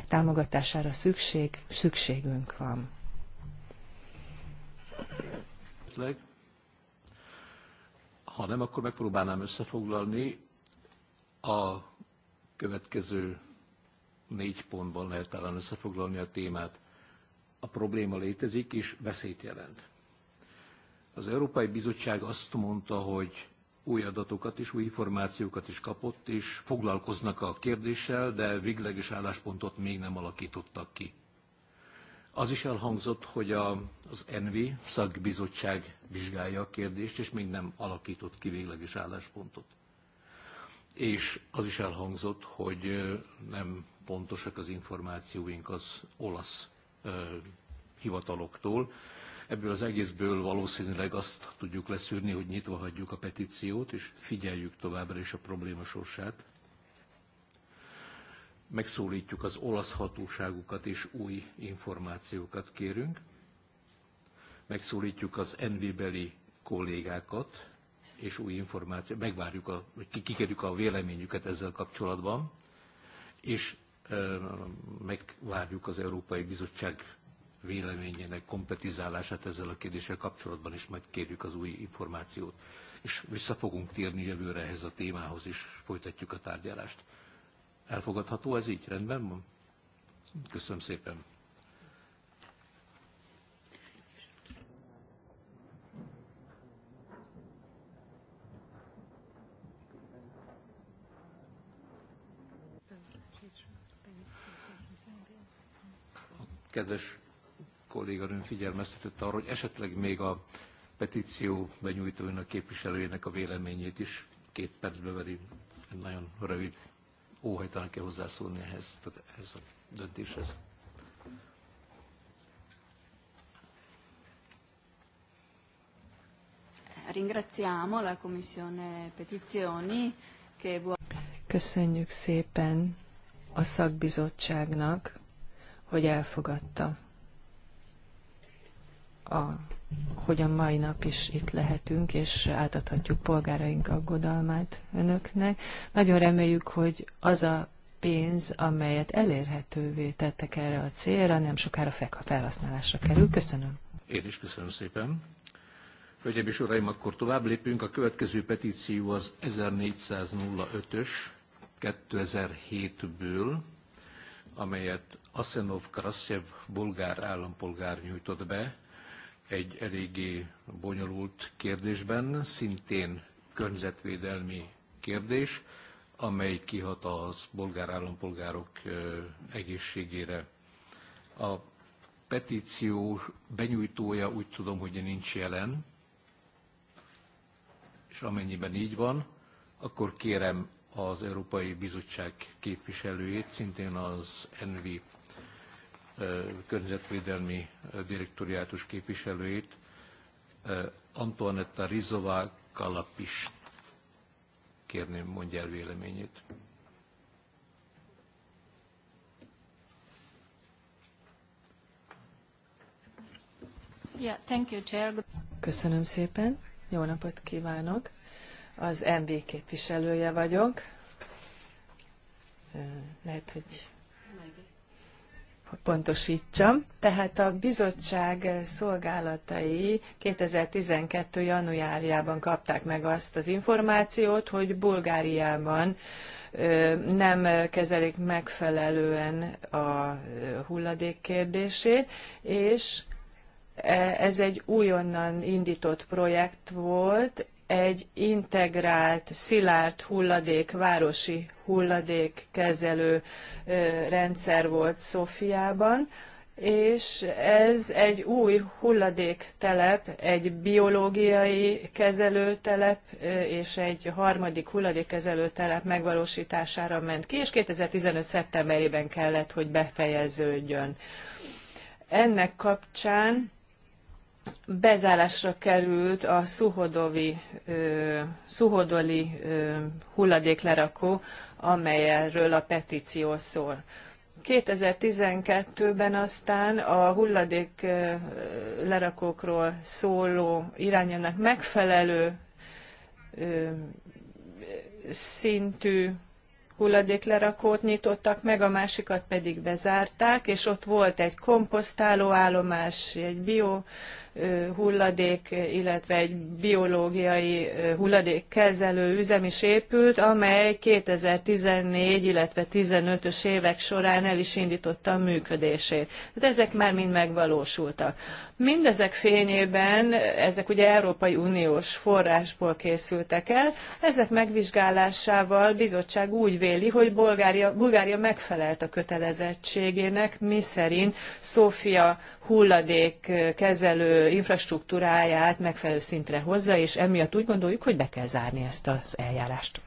támogatására szükség, szükségünk van. Ha nem, akkor megpróbálnám összefoglalni. A következő négy pontban lehet talán összefoglalni a témát. A probléma létezik és veszélyt jelent. Az Európai Bizottság azt mondta, hogy új adatokat is, új információkat is kapott, és foglalkoznak a kérdéssel, de végleges álláspontot még nem alakítottak ki. Az is elhangzott, hogy a, az NV szakbizottság vizsgálja a kérdést, és még nem alakított ki végleges álláspontot. És az is elhangzott, hogy nem pontosak az információink az olasz ö, hivataloktól, Ebből az egészből valószínűleg azt tudjuk leszűrni, hogy nyitva hagyjuk a petíciót, és figyeljük továbbra is a probléma sorsát. Megszólítjuk az olasz hatóságukat, és új információkat kérünk. Megszólítjuk az NV-beli kollégákat, és új információ, megvárjuk, a, hogy kikerjük a véleményüket ezzel kapcsolatban, és megvárjuk az Európai Bizottság véleményének kompetizálását ezzel a kérdéssel kapcsolatban, is, majd kérjük az új információt. És vissza fogunk térni jövőre ehhez a témához, is, folytatjuk a tárgyalást. Elfogadható ez így? Rendben van? Köszönöm szépen. Kedves kolléganőm figyelmeztetett arra, hogy esetleg még a petíció benyújtóinak, képviselőjének a véleményét is két percbe veri, nagyon rövid óhajtanak kell hozzászólni ehhez, tehát ehhez a döntéshez. Ringraziamo la Commissione Petizioni che Köszönjük szépen a szakbizottságnak, hogy elfogadta a, hogy a mai nap is itt lehetünk, és átadhatjuk polgáraink aggodalmát önöknek. Nagyon reméljük, hogy az a pénz, amelyet elérhetővé tettek erre a célra, nem sokára felhasználásra kerül. Köszönöm. Én is köszönöm szépen. Hölgyeim és Uraim, akkor tovább lépünk. A következő petíció az 1405-ös 2007-ből, amelyet Asenov Krasjev bolgár állampolgár nyújtott be, egy eléggé bonyolult kérdésben, szintén környezetvédelmi kérdés, amely kihat az bolgár állampolgárok egészségére. A petíció benyújtója úgy tudom, hogy nincs jelen, és amennyiben így van, akkor kérem az Európai Bizottság képviselőjét, szintén az ENVI környezetvédelmi direktoriátus képviselőjét, Antoanetta Rizová Kalapis. Kérném, mondja el véleményét. Yeah, thank you, Chair. Köszönöm szépen. Jó napot kívánok. Az MV képviselője vagyok. Lehet, hogy pontosítsam. Tehát a bizottság szolgálatai 2012. januárjában kapták meg azt az információt, hogy Bulgáriában nem kezelik megfelelően a hulladék kérdését, és e, ez egy újonnan indított projekt volt, egy integrált, szilárd hulladék, városi hulladékkezelő rendszer volt Szofiában, és ez egy új hulladéktelep, egy biológiai kezelőtelep és egy harmadik hulladékkezelőtelep megvalósítására ment ki, és 2015. szeptemberében kellett, hogy befejeződjön. Ennek kapcsán bezárásra került a Szuhodovi, Szuhodoli hulladéklerakó, amelyről a petíció szól. 2012-ben aztán a hulladék lerakókról szóló irányának megfelelő szintű hulladéklerakót nyitottak meg, a másikat pedig bezárták, és ott volt egy komposztáló állomás, egy bio hulladék, illetve egy biológiai hulladékkezelő üzem is épült, amely 2014, illetve 15-ös évek során el is indította a működését. De hát ezek már mind megvalósultak. Mindezek fényében, ezek ugye Európai Uniós forrásból készültek el, ezek megvizsgálásával bizottság úgy véli, hogy Bulgária, Bulgária megfelelt a kötelezettségének, miszerint Szófia hulladék kezelő infrastruktúráját megfelelő szintre hozza, és emiatt úgy gondoljuk, hogy be kell zárni ezt az eljárást.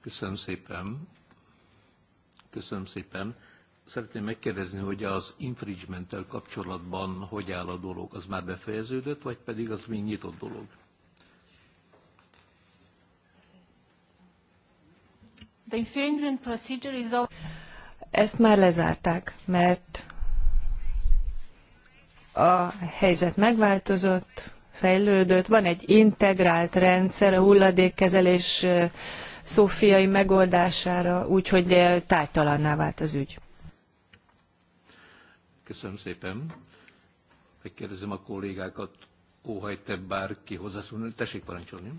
Köszönöm szépen. Köszönöm szépen. Szeretném megkérdezni, hogy az infringementtel kapcsolatban hogy áll a dolog? Az már befejeződött, vagy pedig az még nyitott dolog? The infringement procedure is ezt már lezárták, mert a helyzet megváltozott, fejlődött, van egy integrált rendszer a hulladékkezelés szófiai megoldására, úgyhogy tájtalanná vált az ügy. Köszönöm szépen. Megkérdezem a kollégákat, óhajt-e bárki hozzászólni? Tessék parancsolni.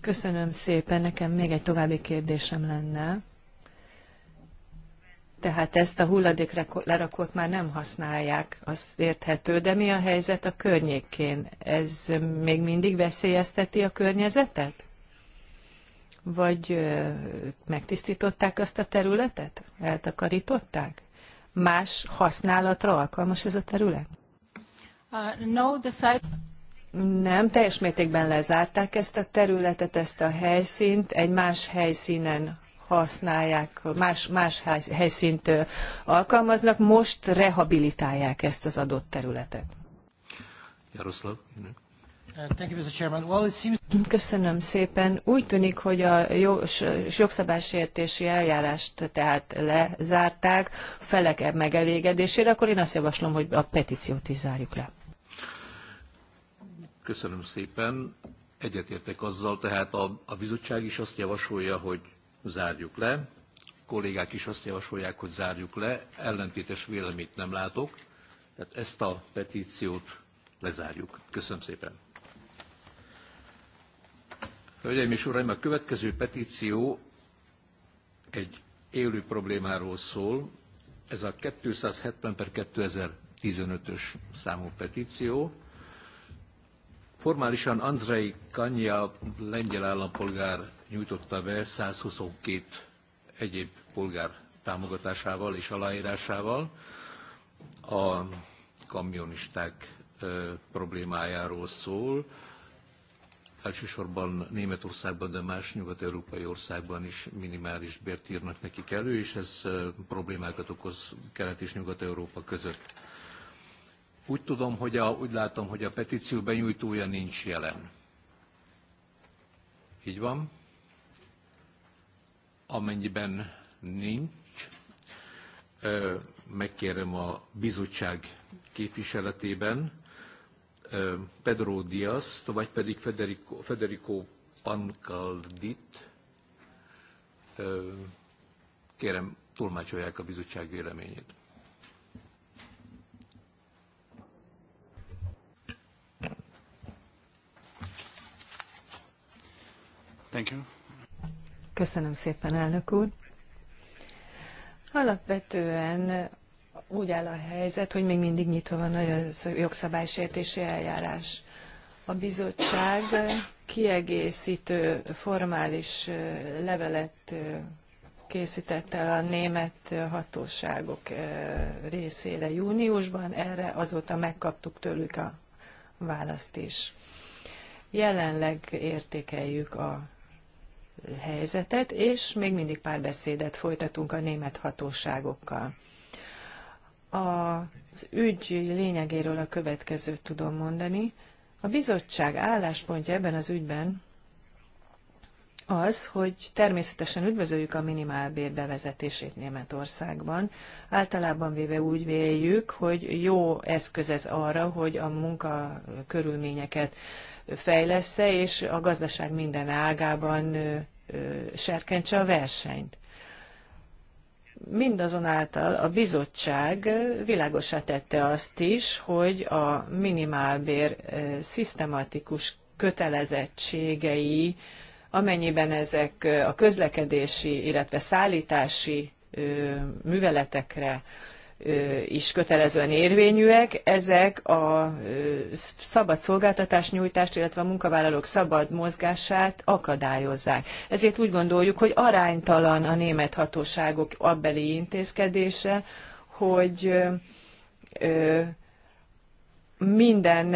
Köszönöm szépen, nekem még egy további kérdésem lenne. Tehát ezt a hulladék lerakót már nem használják, az érthető, de mi a helyzet a környékén? Ez még mindig veszélyezteti a környezetet? Vagy megtisztították azt a területet? Eltakarították? Más használatra alkalmas ez a terület? Uh, no, the site... Nem, teljes mértékben lezárták ezt a területet, ezt a helyszínt, egy más helyszínen használják, más, más helyszínt alkalmaznak, most rehabilitálják ezt az adott területet. Jaroszláv. Köszönöm szépen. Úgy tűnik, hogy a jogszabálysértési eljárást tehát lezárták felek megelégedésére, akkor én azt javaslom, hogy a petíciót is zárjuk le. Köszönöm szépen. Egyetértek azzal, tehát a, a bizottság is azt javasolja, hogy zárjuk le. A kollégák is azt javasolják, hogy zárjuk le. Ellentétes véleményt nem látok. Tehát ezt a petíciót lezárjuk. Köszönöm szépen. Hölgyeim és Uraim, a következő petíció egy élő problémáról szól. Ez a 270 per 2015-ös számú petíció. Formálisan Andrei Kanya lengyel állampolgár nyújtotta be 122 egyéb polgár támogatásával és aláírásával a kamionisták problémájáról szól. Elsősorban Németországban, de más nyugat-európai országban is minimális bért írnak nekik elő, és ez problémákat okoz Kelet és Nyugat-Európa között. Úgy tudom, hogy a, úgy látom, hogy a petíció benyújtója nincs jelen. Így van. Amennyiben nincs, megkérem a bizottság képviseletében Pedro Diaz, vagy pedig Federico, Federico Pancaldit. Kérem, tolmácsolják a bizottság véleményét. Thank you. Köszönöm szépen, elnök úr. Alapvetően úgy áll a helyzet, hogy még mindig nyitva van a jogszabálysértési eljárás. A bizottság kiegészítő formális levelet készített el a német hatóságok részére júniusban, erre azóta megkaptuk tőlük a választ is. Jelenleg értékeljük a helyzetet, és még mindig párbeszédet folytatunk a német hatóságokkal. Az ügy lényegéről a következőt tudom mondani. A bizottság álláspontja ebben az ügyben az, hogy természetesen üdvözöljük a minimálbér bevezetését Németországban. Általában véve úgy véljük, hogy jó eszköz ez arra, hogy a munkakörülményeket fejlesz és a gazdaság minden ágában serkentse a versenyt. Mindazonáltal a bizottság világosá tette azt is, hogy a minimálbér szisztematikus kötelezettségei, amennyiben ezek a közlekedési, illetve szállítási műveletekre is kötelezően érvényűek. Ezek a szabad szolgáltatás nyújtást, illetve a munkavállalók szabad mozgását akadályozzák. Ezért úgy gondoljuk, hogy aránytalan a német hatóságok abbeli intézkedése, hogy minden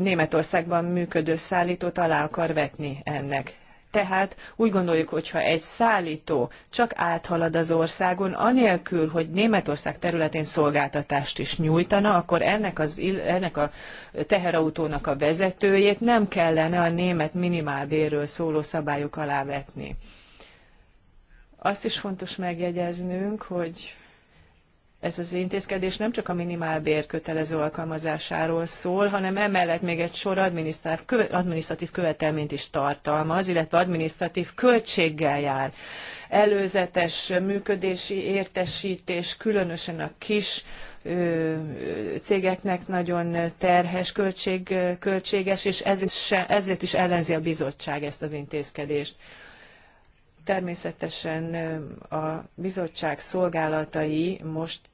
Németországban működő szállítót alá akar vetni ennek tehát úgy gondoljuk, hogyha egy szállító csak áthalad az országon, anélkül, hogy Németország területén szolgáltatást is nyújtana, akkor ennek, az, ennek a teherautónak a vezetőjét nem kellene a német minimálbérről szóló szabályok alá vetni. Azt is fontos megjegyeznünk, hogy ez az intézkedés nem csak a minimálbér kötelező alkalmazásáról szól, hanem emellett még egy sor adminisztratív követelményt is tartalmaz, illetve adminisztratív költséggel jár. Előzetes működési értesítés, különösen a kis cégeknek nagyon terhes, költség, költséges, és ez is, ezért is ellenzi a bizottság ezt az intézkedést. Természetesen a bizottság szolgálatai most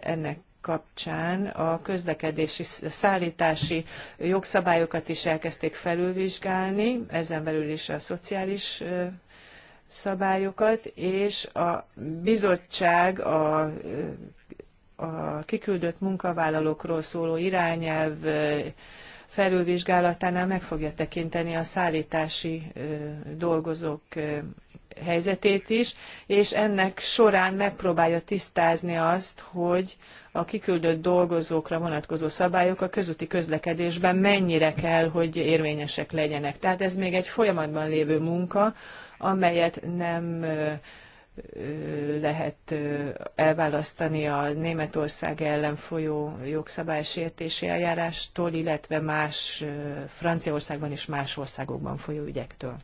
ennek kapcsán a közlekedési szállítási jogszabályokat is elkezdték felülvizsgálni, ezen belül is a szociális szabályokat, és a bizottság a a kiküldött munkavállalókról szóló irányelv felülvizsgálatánál meg fogja tekinteni a szállítási dolgozók helyzetét is, és ennek során megpróbálja tisztázni azt, hogy a kiküldött dolgozókra vonatkozó szabályok a közúti közlekedésben mennyire kell, hogy érvényesek legyenek. Tehát ez még egy folyamatban lévő munka, amelyet nem lehet elválasztani a Németország ellen folyó jogszabálysértési eljárástól, illetve más Franciaországban és más országokban folyó ügyektől.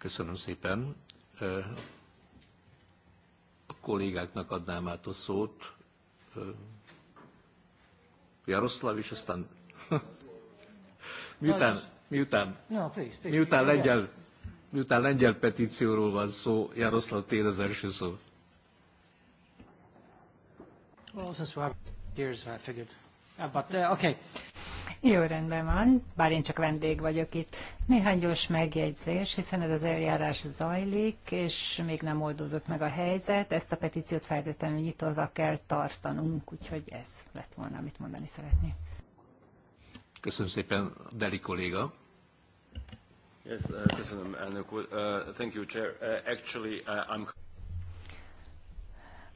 Köszönöm szépen. A kollégáknak adnám át a szót. Jaroszláv, is, aztán miután, miután, miután, lengyel, miután lengyel petícióról van szó, Jaroszláv, tél az első szó. Well, since we're here, so I figured. Uh, but uh, okay. Jó, rendben van, bár én csak vendég vagyok itt. Néhány gyors megjegyzés, hiszen ez az eljárás zajlik, és még nem oldódott meg a helyzet. Ezt a petíciót feltétlenül nyitva kell tartanunk, úgyhogy ez lett volna, amit mondani szeretnék. Köszönöm szépen, Deli kolléga. Yes, uh, köszönöm, elnök úr. Uh, thank you, Chair. Uh, actually, uh, I'm...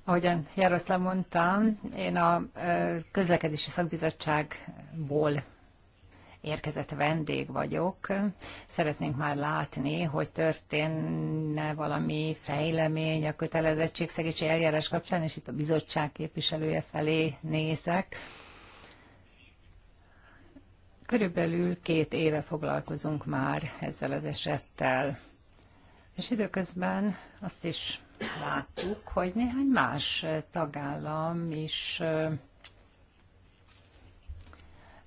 Ahogyan Jaroszlá mondtam, én a közlekedési szakbizottságból érkezett vendég vagyok. Szeretnénk már látni, hogy történne valami fejlemény a kötelezettségszegési eljárás kapcsán, és itt a bizottság képviselője felé nézek. Körülbelül két éve foglalkozunk már ezzel az esettel. És időközben azt is láttuk, hogy néhány más tagállam is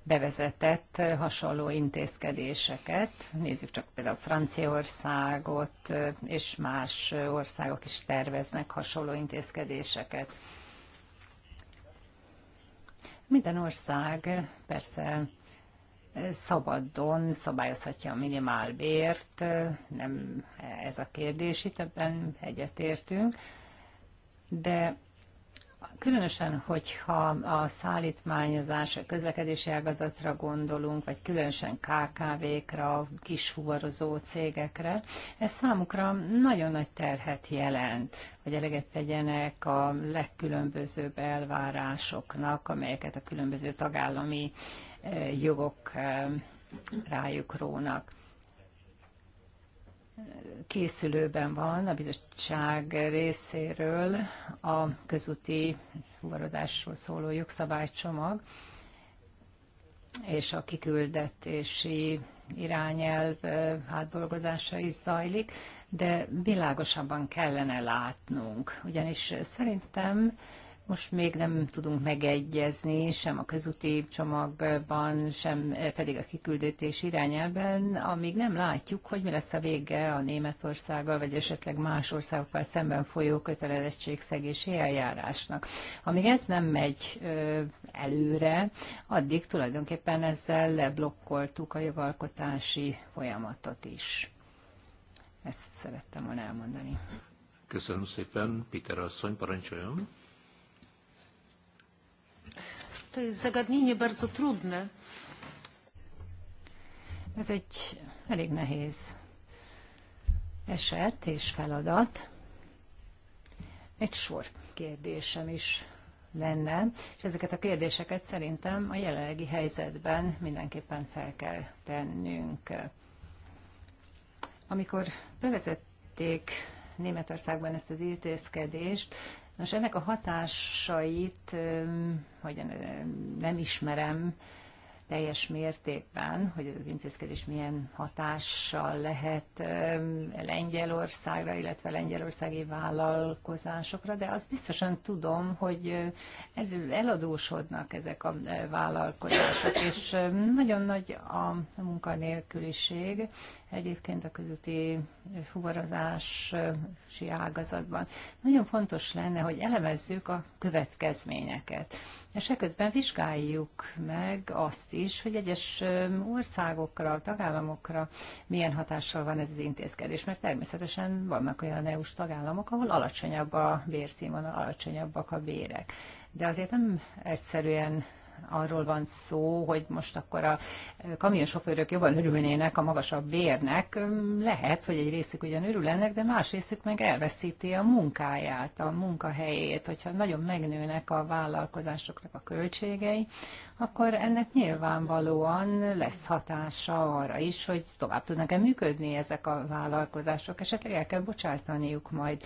bevezetett hasonló intézkedéseket. Nézzük csak például Franciaországot, és más országok is terveznek hasonló intézkedéseket. Minden ország persze szabadon szabályozhatja a minimálbért, nem ez a kérdés, itt ebben egyetértünk, de Különösen, hogyha a szállítmányozás, a közlekedési ágazatra gondolunk, vagy különösen KKV-kra, kisfuvarozó cégekre, ez számukra nagyon nagy terhet jelent, hogy eleget tegyenek a legkülönbözőbb elvárásoknak, amelyeket a különböző tagállami jogok rájuk rónak készülőben van a bizottság részéről a közúti fuvarozásról szóló jogszabálycsomag és a kiküldetési irányelv átdolgozása is zajlik, de világosabban kellene látnunk, ugyanis szerintem most még nem tudunk megegyezni sem a közúti csomagban, sem pedig a kiküldetés irányelben, amíg nem látjuk, hogy mi lesz a vége a Németországgal, vagy esetleg más országokkal szemben folyó kötelezettségszegési eljárásnak. Amíg ez nem megy előre, addig tulajdonképpen ezzel leblokkoltuk a jogalkotási folyamatot is. Ezt szerettem volna elmondani. Köszönöm szépen, Péter asszony, parancsoljon. To jest zagadnienie bardzo trudne. Ez egy elég nehéz eset és feladat. Egy sor kérdésem is lenne, és ezeket a kérdéseket szerintem a jelenlegi helyzetben mindenképpen fel kell tennünk. Amikor bevezették Németországban ezt az intézkedést, Nos, ennek a hatásait, hogy nem ismerem, teljes mértékben, hogy az intézkedés milyen hatással lehet Lengyelországra, illetve lengyelországi vállalkozásokra, de azt biztosan tudom, hogy eladósodnak ezek a vállalkozások, és nagyon nagy a munkanélküliség, egyébként a közúti fuvarozási ágazatban. Nagyon fontos lenne, hogy elemezzük a következményeket és ekközben vizsgáljuk meg azt is, hogy egyes országokra, tagállamokra milyen hatással van ez az intézkedés, mert természetesen vannak olyan EU-s tagállamok, ahol alacsonyabb a bérszínvonal, alacsonyabbak a bérek. De azért nem egyszerűen arról van szó, hogy most akkor a kamionsofőrök jobban örülnének a magasabb bérnek. Lehet, hogy egy részük ugyan örül ennek, de más részük meg elveszíti a munkáját, a munkahelyét. Hogyha nagyon megnőnek a vállalkozásoknak a költségei, akkor ennek nyilvánvalóan lesz hatása arra is, hogy tovább tudnak-e működni ezek a vállalkozások, esetleg el kell bocsájtaniuk majd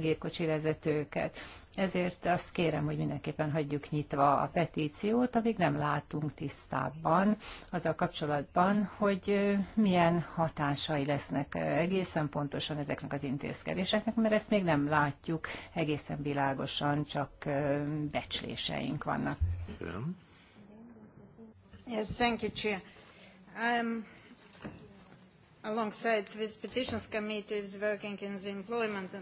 gépkocsi vezetőket. Ezért azt kérem, hogy mindenképpen hagyjuk nyitva a petíciót, amíg nem látunk tisztábban azzal kapcsolatban, hogy milyen hatásai lesznek egészen pontosan ezeknek az intézkedéseknek, mert ezt még nem látjuk egészen világosan, csak becsléseink vannak. Igen. Yes, thank you, Chair. alongside Petitions Committee is working the employment. Uh,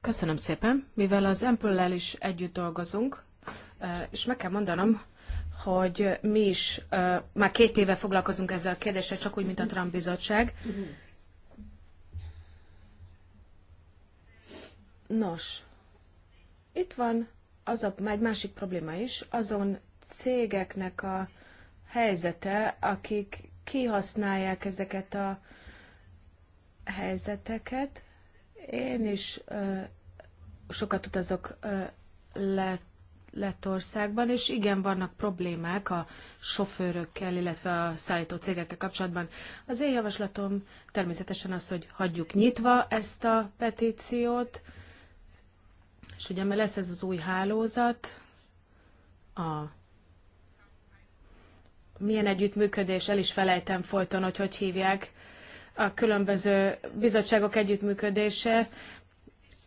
Köszönöm szépen, mivel az ample is együtt dolgozunk, uh, és meg kell mondanom, hogy mi is uh, már két éve foglalkozunk ezzel a kérdéssel, csak úgy, mint a Trump bizottság. Nos, itt van az a, egy másik probléma is, azon cégeknek a helyzete, akik kihasználják ezeket a helyzeteket. Én is ö, sokat utazok ö, lett országban, és igen, vannak problémák a sofőrökkel, illetve a szállító cégekkel kapcsolatban. Az én javaslatom természetesen az, hogy hagyjuk nyitva ezt a petíciót, és ugye mert lesz ez az új hálózat, a milyen együttműködés, el is felejtem folyton, hogy hogy hívják, a különböző bizottságok együttműködése,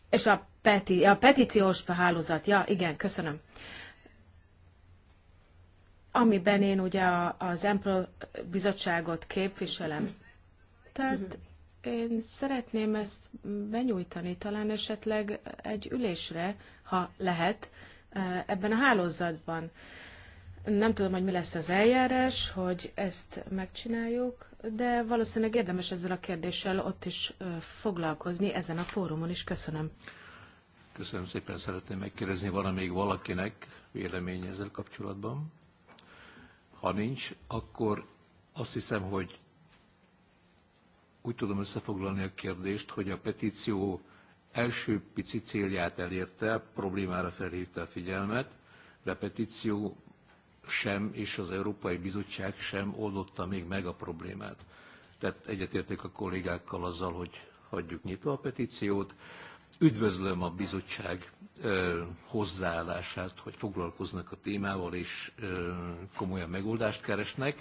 és a, peti, a petíciós hálózat, ja igen, köszönöm. Amiben én ugye az Empro bizottságot képviselem. Tehát mhm. én szeretném ezt benyújtani talán esetleg egy ülésre, ha lehet, eh, ebben a hálózatban. Nem tudom, hogy mi lesz az eljárás, hogy ezt megcsináljuk, de valószínűleg érdemes ezzel a kérdéssel ott is foglalkozni, ezen a fórumon is. Köszönöm. Köszönöm szépen, szeretném megkérdezni, van-e még valakinek véleménye ezzel kapcsolatban? Ha nincs, akkor azt hiszem, hogy úgy tudom összefoglalni a kérdést, hogy a petíció első pici célját elérte, problémára felhívta a figyelmet, de a petíció sem, és az Európai Bizottság sem oldotta még meg a problémát. Tehát egyetértek a kollégákkal azzal, hogy hagyjuk nyitva a petíciót. Üdvözlöm a bizottság ö, hozzáállását, hogy foglalkoznak a témával, és ö, komolyan megoldást keresnek.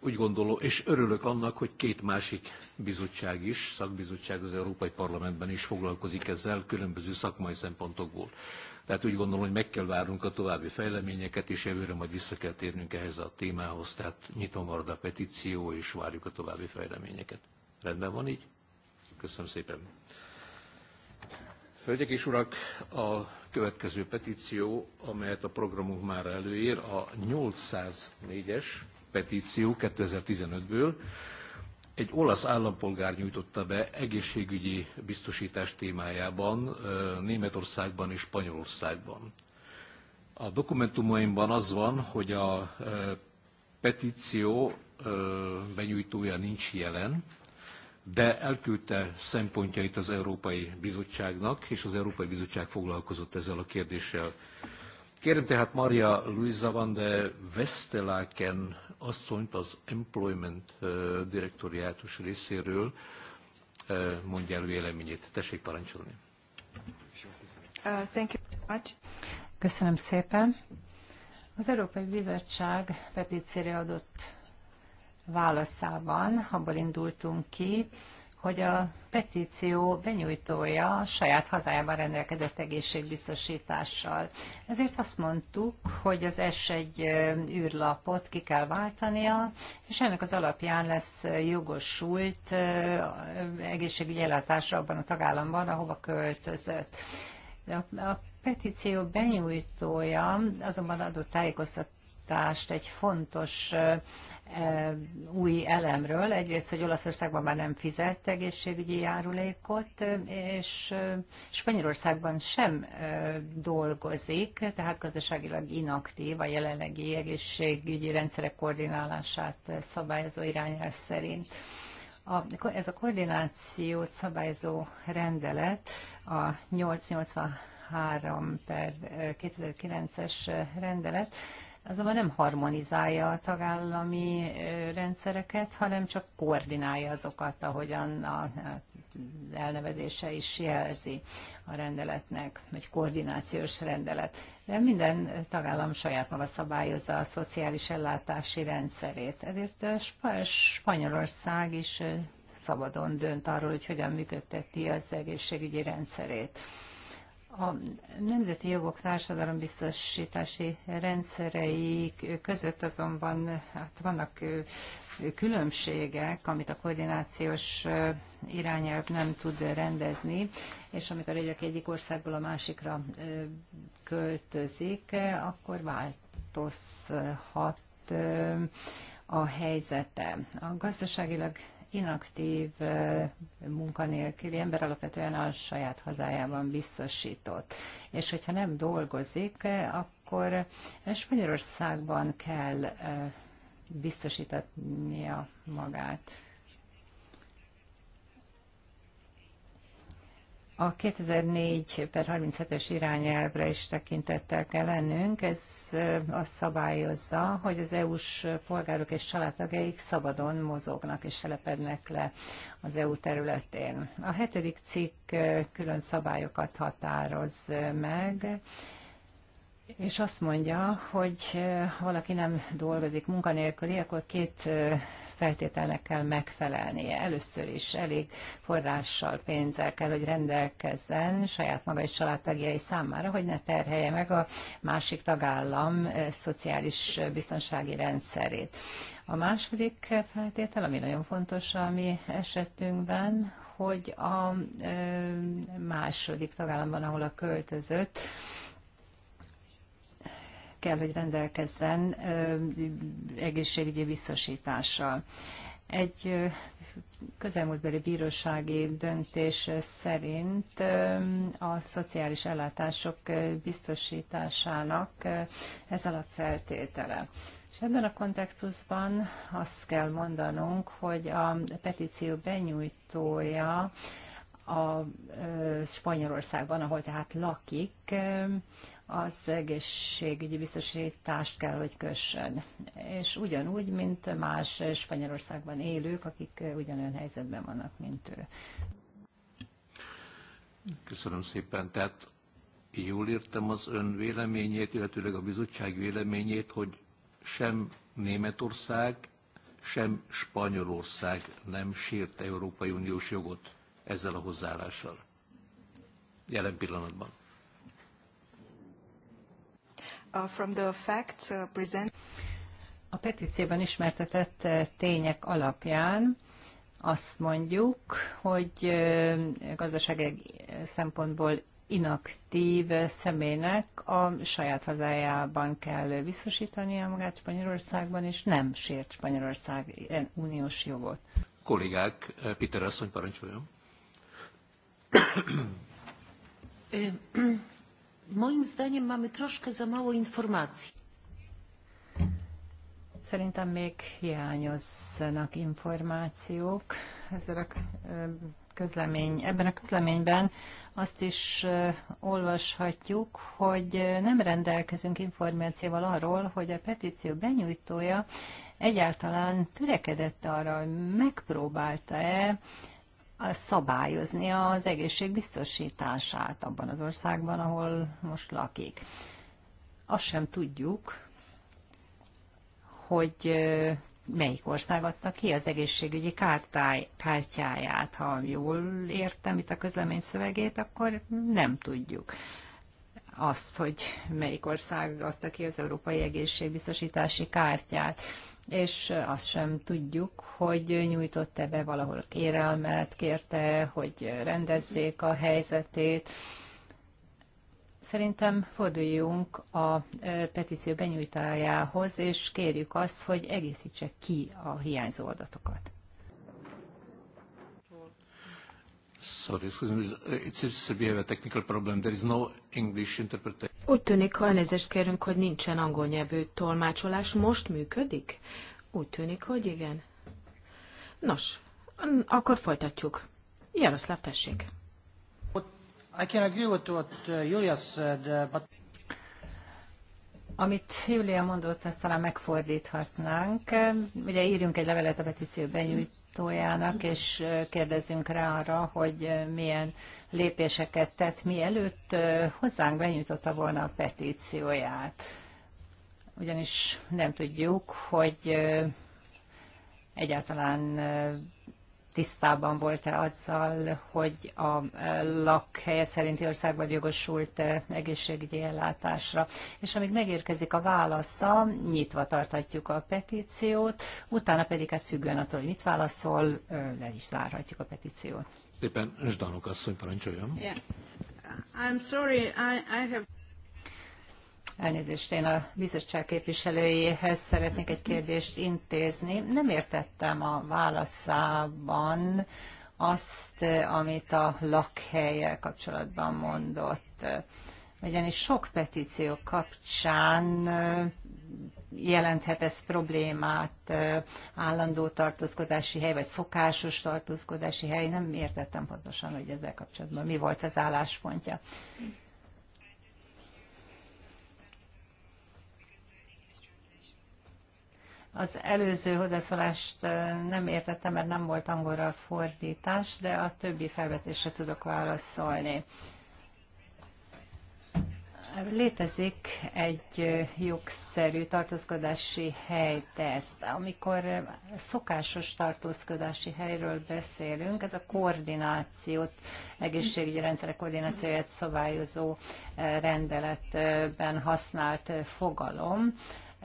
Úgy gondolom, és örülök annak, hogy két másik bizottság is, szakbizottság az Európai Parlamentben is foglalkozik ezzel különböző szakmai szempontokból. Tehát úgy gondolom, hogy meg kell várnunk a további fejleményeket, és jövőre majd vissza kell térnünk ehhez a témához, tehát nyitva marad a petíció, és várjuk a további fejleményeket. Rendben van így? Köszönöm szépen. Hölgyek és urak, a következő petíció, amelyet a programunk már előír, a 804-es petíció 2015-ből, egy olasz állampolgár nyújtotta be egészségügyi biztosítás témájában Németországban és Spanyolországban. A dokumentumaimban az van, hogy a petíció benyújtója nincs jelen, de elküldte szempontjait az Európai Bizottságnak, és az Európai Bizottság foglalkozott ezzel a kérdéssel. Kérem tehát Maria Luisa van de Vestelaken asszonyt az Employment direktoriátus részéről mondja el véleményét. Tessék parancsolni. Uh, Köszönöm szépen. Az Európai Bizottság petícióra adott válaszában abból indultunk ki, hogy a petíció benyújtója saját hazájában rendelkezett egészségbiztosítással. Ezért azt mondtuk, hogy az S1 űrlapot ki kell váltania, és ennek az alapján lesz jogosult egészségügyi ellátásra abban a tagállamban, ahova költözött. A, a petíció benyújtója azonban adott tájékoztatást egy fontos Eh, új elemről. Egyrészt, hogy Olaszországban már nem fizet egészségügyi járulékot, és eh, Spanyolországban sem eh, dolgozik, tehát gazdaságilag inaktív a jelenlegi egészségügyi rendszerek koordinálását szabályozó irányelv szerint. A, ez a koordinációt szabályozó rendelet a 883 per 2009-es rendelet azonban nem harmonizálja a tagállami rendszereket, hanem csak koordinálja azokat, ahogyan a elnevezése is jelzi a rendeletnek, egy koordinációs rendelet. De minden tagállam saját maga szabályozza a szociális ellátási rendszerét. Ezért a Spanyolország is szabadon dönt arról, hogy hogyan működteti az egészségügyi rendszerét a nemzeti jogok társadalombiztosítási rendszerei között azonban hát vannak különbségek, amit a koordinációs irányelv nem tud rendezni, és amikor egyik egyik országból a másikra költözik, akkor változhat a helyzete. A gazdaságilag inaktív munkanélküli ember alapvetően a saját hazájában biztosított. És hogyha nem dolgozik, akkor Magyarországban kell biztosítania magát. A 2004 per 37-es irányelvre is tekintettel kell lennünk. Ez azt szabályozza, hogy az EU-s polgárok és családtagjaik szabadon mozognak és telepednek le az EU területén. A hetedik cikk külön szabályokat határoz meg, és azt mondja, hogy ha valaki nem dolgozik munkanélküli, akkor két feltételnek kell megfelelnie. Először is elég forrással, pénzzel kell, hogy rendelkezzen saját maga és családtagjai számára, hogy ne terhelje meg a másik tagállam eh, szociális eh, biztonsági rendszerét. A második feltétel, ami nagyon fontos a mi esetünkben, hogy a eh, második tagállamban, ahol a költözött, kell, hogy rendelkezzen egészségügyi biztosítással. Egy közelmúltbeli bírósági döntés szerint a szociális ellátások biztosításának ez alapfeltétele. És ebben a kontextusban azt kell mondanunk, hogy a petíció benyújtója a Spanyolországban, ahol tehát lakik, az egészségügyi biztosítást kell, hogy kössön. És ugyanúgy, mint más Spanyolországban élők, akik ugyanolyan helyzetben vannak, mint ő. Köszönöm szépen. Tehát jól értem az ön véleményét, illetőleg a bizottság véleményét, hogy sem Németország, sem Spanyolország nem sért Európai Uniós jogot ezzel a hozzáállással. Jelen pillanatban. Uh, uh, a petícióban ismertetett uh, tények alapján azt mondjuk, hogy gazdasági szempontból inaktív személynek a saját hazájában kell biztosítania magát Spanyolországban, és nem sért Spanyolország uniós jogot. Kollégák, Peter asszony parancsoljon moim zdaniem mamy troszkę za mało informacji. Szerintem még hiányoznak információk ezzel a közlemény. Ebben a közleményben azt is olvashatjuk, hogy nem rendelkezünk információval arról, hogy a petíció benyújtója egyáltalán törekedett arra, hogy megpróbálta-e szabályozni az egészség biztosítását abban az országban, ahol most lakik. Azt sem tudjuk, hogy melyik ország adta ki az egészségügyi kártály, kártyáját. Ha jól értem itt a közlemény szövegét, akkor nem tudjuk azt, hogy melyik ország adta ki az európai egészségbiztosítási kártyát és azt sem tudjuk, hogy nyújtott-e be valahol kérelmet, kérte, hogy rendezzék a helyzetét. Szerintem forduljunk a petíció benyújtájához, és kérjük azt, hogy egészítse ki a hiányzó adatokat. Sorry, it seems to be a technical problem. There is no English interpretation. Úgy tűnik, ha elnézést kérünk, hogy nincsen angol nyelvű tolmácsolás, most működik? Úgy tűnik, hogy igen. Nos, akkor folytatjuk. Jaroszláv, tessék. I can agree with what uh, Julia said, uh, but... Amit Julia mondott, azt talán megfordíthatnánk. Ugye írjunk egy levelet a petíció benyújt igazgatójának, és kérdezzünk rá arra, hogy milyen lépéseket tett, mielőtt hozzánk benyújtotta volna a petícióját. Ugyanis nem tudjuk, hogy egyáltalán tisztában volt-e azzal, hogy a eh, lakhelye szerinti országban jogosult eh, egészségügyi ellátásra. És amíg megérkezik a válasza, nyitva tartatjuk a petíciót, utána pedig hát függően attól, hogy mit válaszol, eh, le is zárhatjuk a petíciót. Szépen Zsdanok asszony parancsoljon. Yeah. I'm sorry, I, I have... Elnézést, én a bizottság képviselőjéhez szeretnék egy kérdést intézni. Nem értettem a válaszában azt, amit a lakhelyel kapcsolatban mondott. Ugyanis sok petíció kapcsán jelenthet ez problémát, állandó tartózkodási hely, vagy szokásos tartózkodási hely. Nem értettem pontosan, hogy ezzel kapcsolatban mi volt az álláspontja. Az előző hozzászólást nem értettem, mert nem volt angolra a fordítás, de a többi felvetésre tudok válaszolni. Létezik egy jogszerű tartózkodási helyteszt. Amikor szokásos tartózkodási helyről beszélünk, ez a koordinációt, egészségügyi rendszerek koordinációját szabályozó rendeletben használt fogalom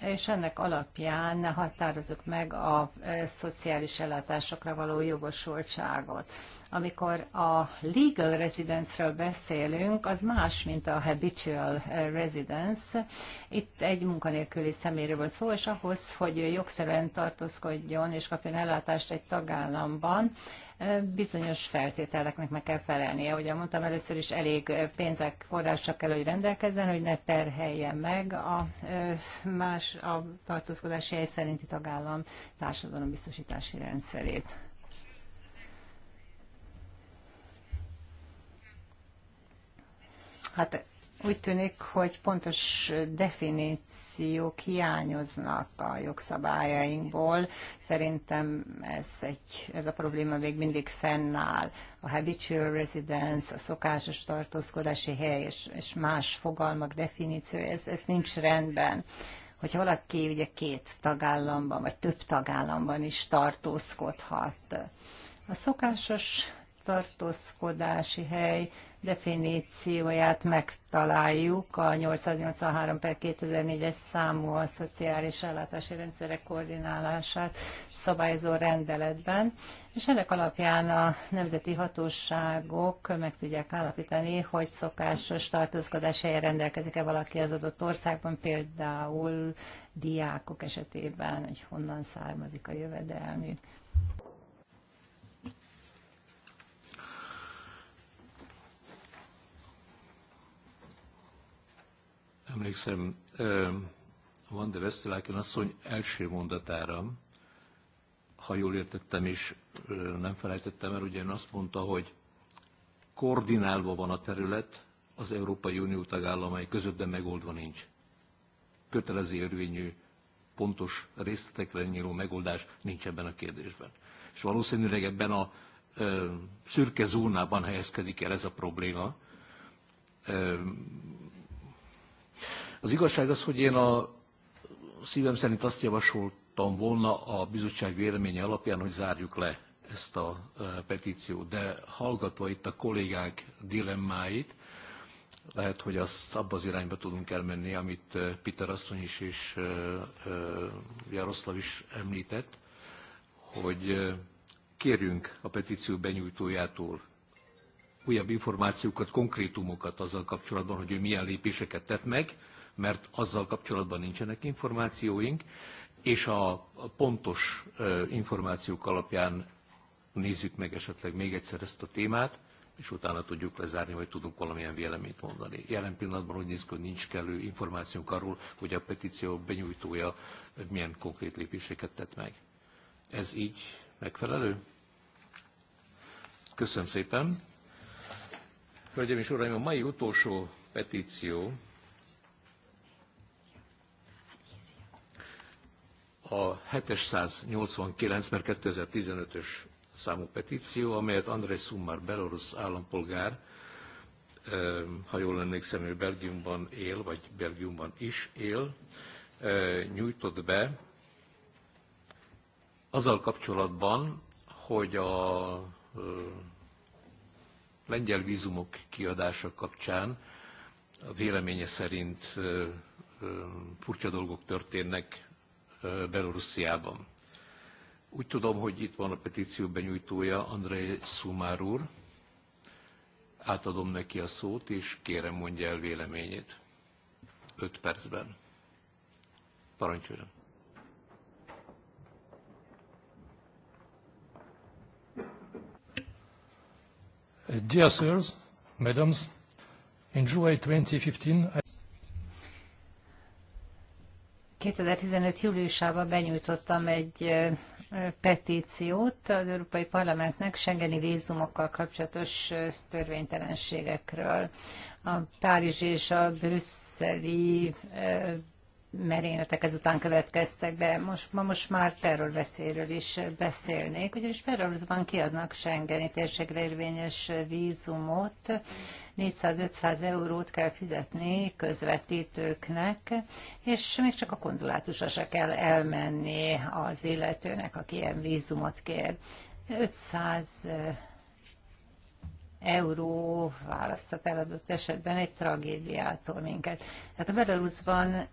és ennek alapján határozzuk meg a e, szociális ellátásokra való jogosultságot. Amikor a legal residence-ről beszélünk, az más, mint a habitual e, residence. Itt egy munkanélküli személyről volt szó, és ahhoz, hogy jogszerűen tartózkodjon és kapjon ellátást egy tagállamban, bizonyos feltételeknek meg kell felelnie. Ugye mondtam, először is elég pénzek, források kell, hogy rendelkezzen, hogy ne terhelje meg a más a tartózkodási hely szerinti tagállam biztosítási rendszerét. Hát úgy tűnik, hogy pontos definíciók hiányoznak a jogszabályainkból. Szerintem ez, egy, ez a probléma még mindig fennáll. A habitual residence, a szokásos tartózkodási hely és, és más fogalmak definíciója, ez, ez nincs rendben hogyha valaki ugye két tagállamban, vagy több tagállamban is tartózkodhat. A szokásos tartózkodási hely definícióját megtaláljuk a 883 per 2004-es számú a szociális ellátási rendszerek koordinálását szabályozó rendeletben, és ennek alapján a nemzeti hatóságok meg tudják állapítani, hogy szokásos tartózkodás helyen rendelkezik-e valaki az adott országban, például diákok esetében, hogy honnan származik a jövedelmük. Emlékszem Van de Veszteláken asszony első mondatára, ha jól értettem és nem felejtettem el, ugye ön azt mondta, hogy koordinálva van a terület az Európai Unió tagállamai között, de megoldva nincs. Kötelező érvényű, pontos részletekre nyíló megoldás nincs ebben a kérdésben. És valószínűleg ebben a szürke zónában helyezkedik el ez a probléma. Az igazság az, hogy én a szívem szerint azt javasoltam volna a bizottság véleménye alapján, hogy zárjuk le ezt a e, petíciót, de hallgatva itt a kollégák dilemmáit, lehet, hogy azt abba az irányba tudunk elmenni, amit e, Peter asszony is és e, Jaroszlav is említett, hogy kérjünk a petíció benyújtójától újabb információkat, konkrétumokat azzal kapcsolatban, hogy ő milyen lépéseket tett meg, mert azzal kapcsolatban nincsenek információink, és a pontos információk alapján nézzük meg esetleg még egyszer ezt a témát, és utána tudjuk lezárni, vagy tudunk valamilyen véleményt mondani. Jelen pillanatban úgy néz ki, hogy nincs kellő információnk arról, hogy a petíció benyújtója milyen konkrét lépéseket tett meg. Ez így megfelelő? Köszönöm szépen. Hölgyeim és Uraim, a mai utolsó petíció a 789 per 2015-ös számú petíció, amelyet André Summar belorusz állampolgár, ha jól emlékszem, ő Belgiumban él, vagy Belgiumban is él, nyújtott be azzal kapcsolatban, hogy a lengyel vízumok kiadása kapcsán a véleménye szerint furcsa dolgok történnek Belorussziában. Úgy tudom, hogy itt van a petíció benyújtója, Andrei Szumár úr. Átadom neki a szót, és kérem mondja el véleményét. Öt percben. Parancsoljon. Dear sirs, madams, in July 2015, 2015. júliusában benyújtottam egy petíciót az Európai Parlamentnek Schengeni vízumokkal kapcsolatos törvénytelenségekről. A Párizsi és a brüsszeli merényletek ezután következtek be. Most, ma most már terrorveszélyről is beszélnék, ugyanis Ferrarozban kiadnak Schengeni térségre érvényes vízumot, 400-500 eurót kell fizetni közvetítőknek, és még csak a konzulátusra se kell elmenni az illetőnek, aki ilyen vízumot kér. 500 euró választat el adott esetben egy tragédiától minket. Tehát a Belarusban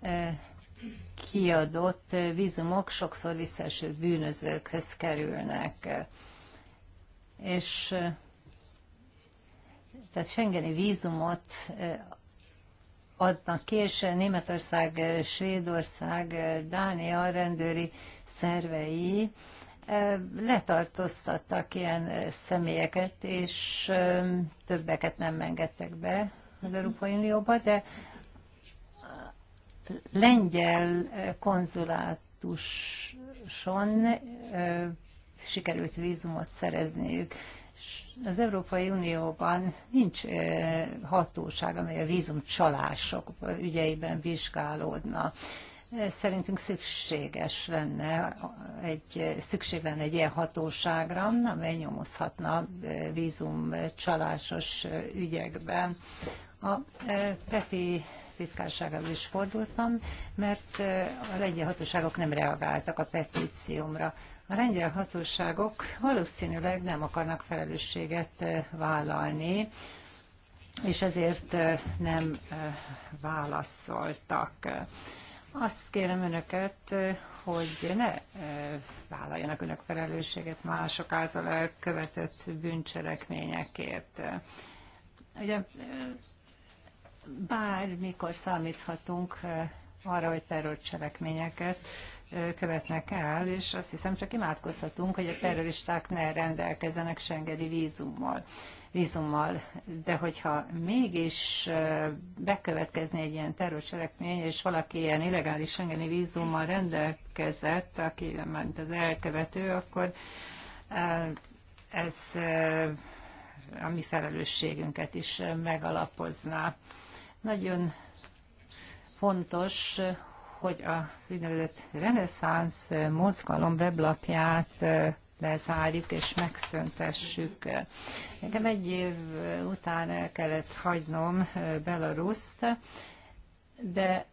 kiadott vízumok sokszor visszaeső bűnözőkhöz kerülnek. És tehát Schengeni vízumot adnak ki, és Németország, Svédország, Dánia rendőri szervei letartóztattak ilyen személyeket, és többeket nem engedtek be az Európai Unióba, de lengyel konzulátuson sikerült vízumot szerezniük. Az Európai Unióban nincs hatóság, amely a vízum csalások ügyeiben vizsgálódna. Szerintünk szükséges lenne egy, szükség lenne egy ilyen hatóságra, amely nyomozhatna vízum csalásos ügyekben. A Peti titkárságához is fordultam, mert a lengyel hatóságok nem reagáltak a petíciómra. A lengyel hatóságok valószínűleg nem akarnak felelősséget vállalni, és ezért nem válaszoltak. Azt kérem önöket, hogy ne eh, vállaljanak önök felelősséget mások által elkövetett bűncselekményekért. Ugye eh, bármikor számíthatunk eh, arra, hogy terrorcselekményeket követnek el, és azt hiszem csak imádkozhatunk, hogy a terroristák ne rendelkezzenek sengedi vízummal vízummal, de hogyha mégis bekövetkezni egy ilyen terrorcselekmény, és valaki ilyen illegális Schengeni vízummal rendelkezett, aki ment az elkövető, akkor ez a mi felelősségünket is megalapozná. Nagyon fontos, hogy a úgynevezett reneszánsz mozgalom weblapját lezárjuk és megszöntessük. Nekem egy év után el kellett hagynom Belaruszt, de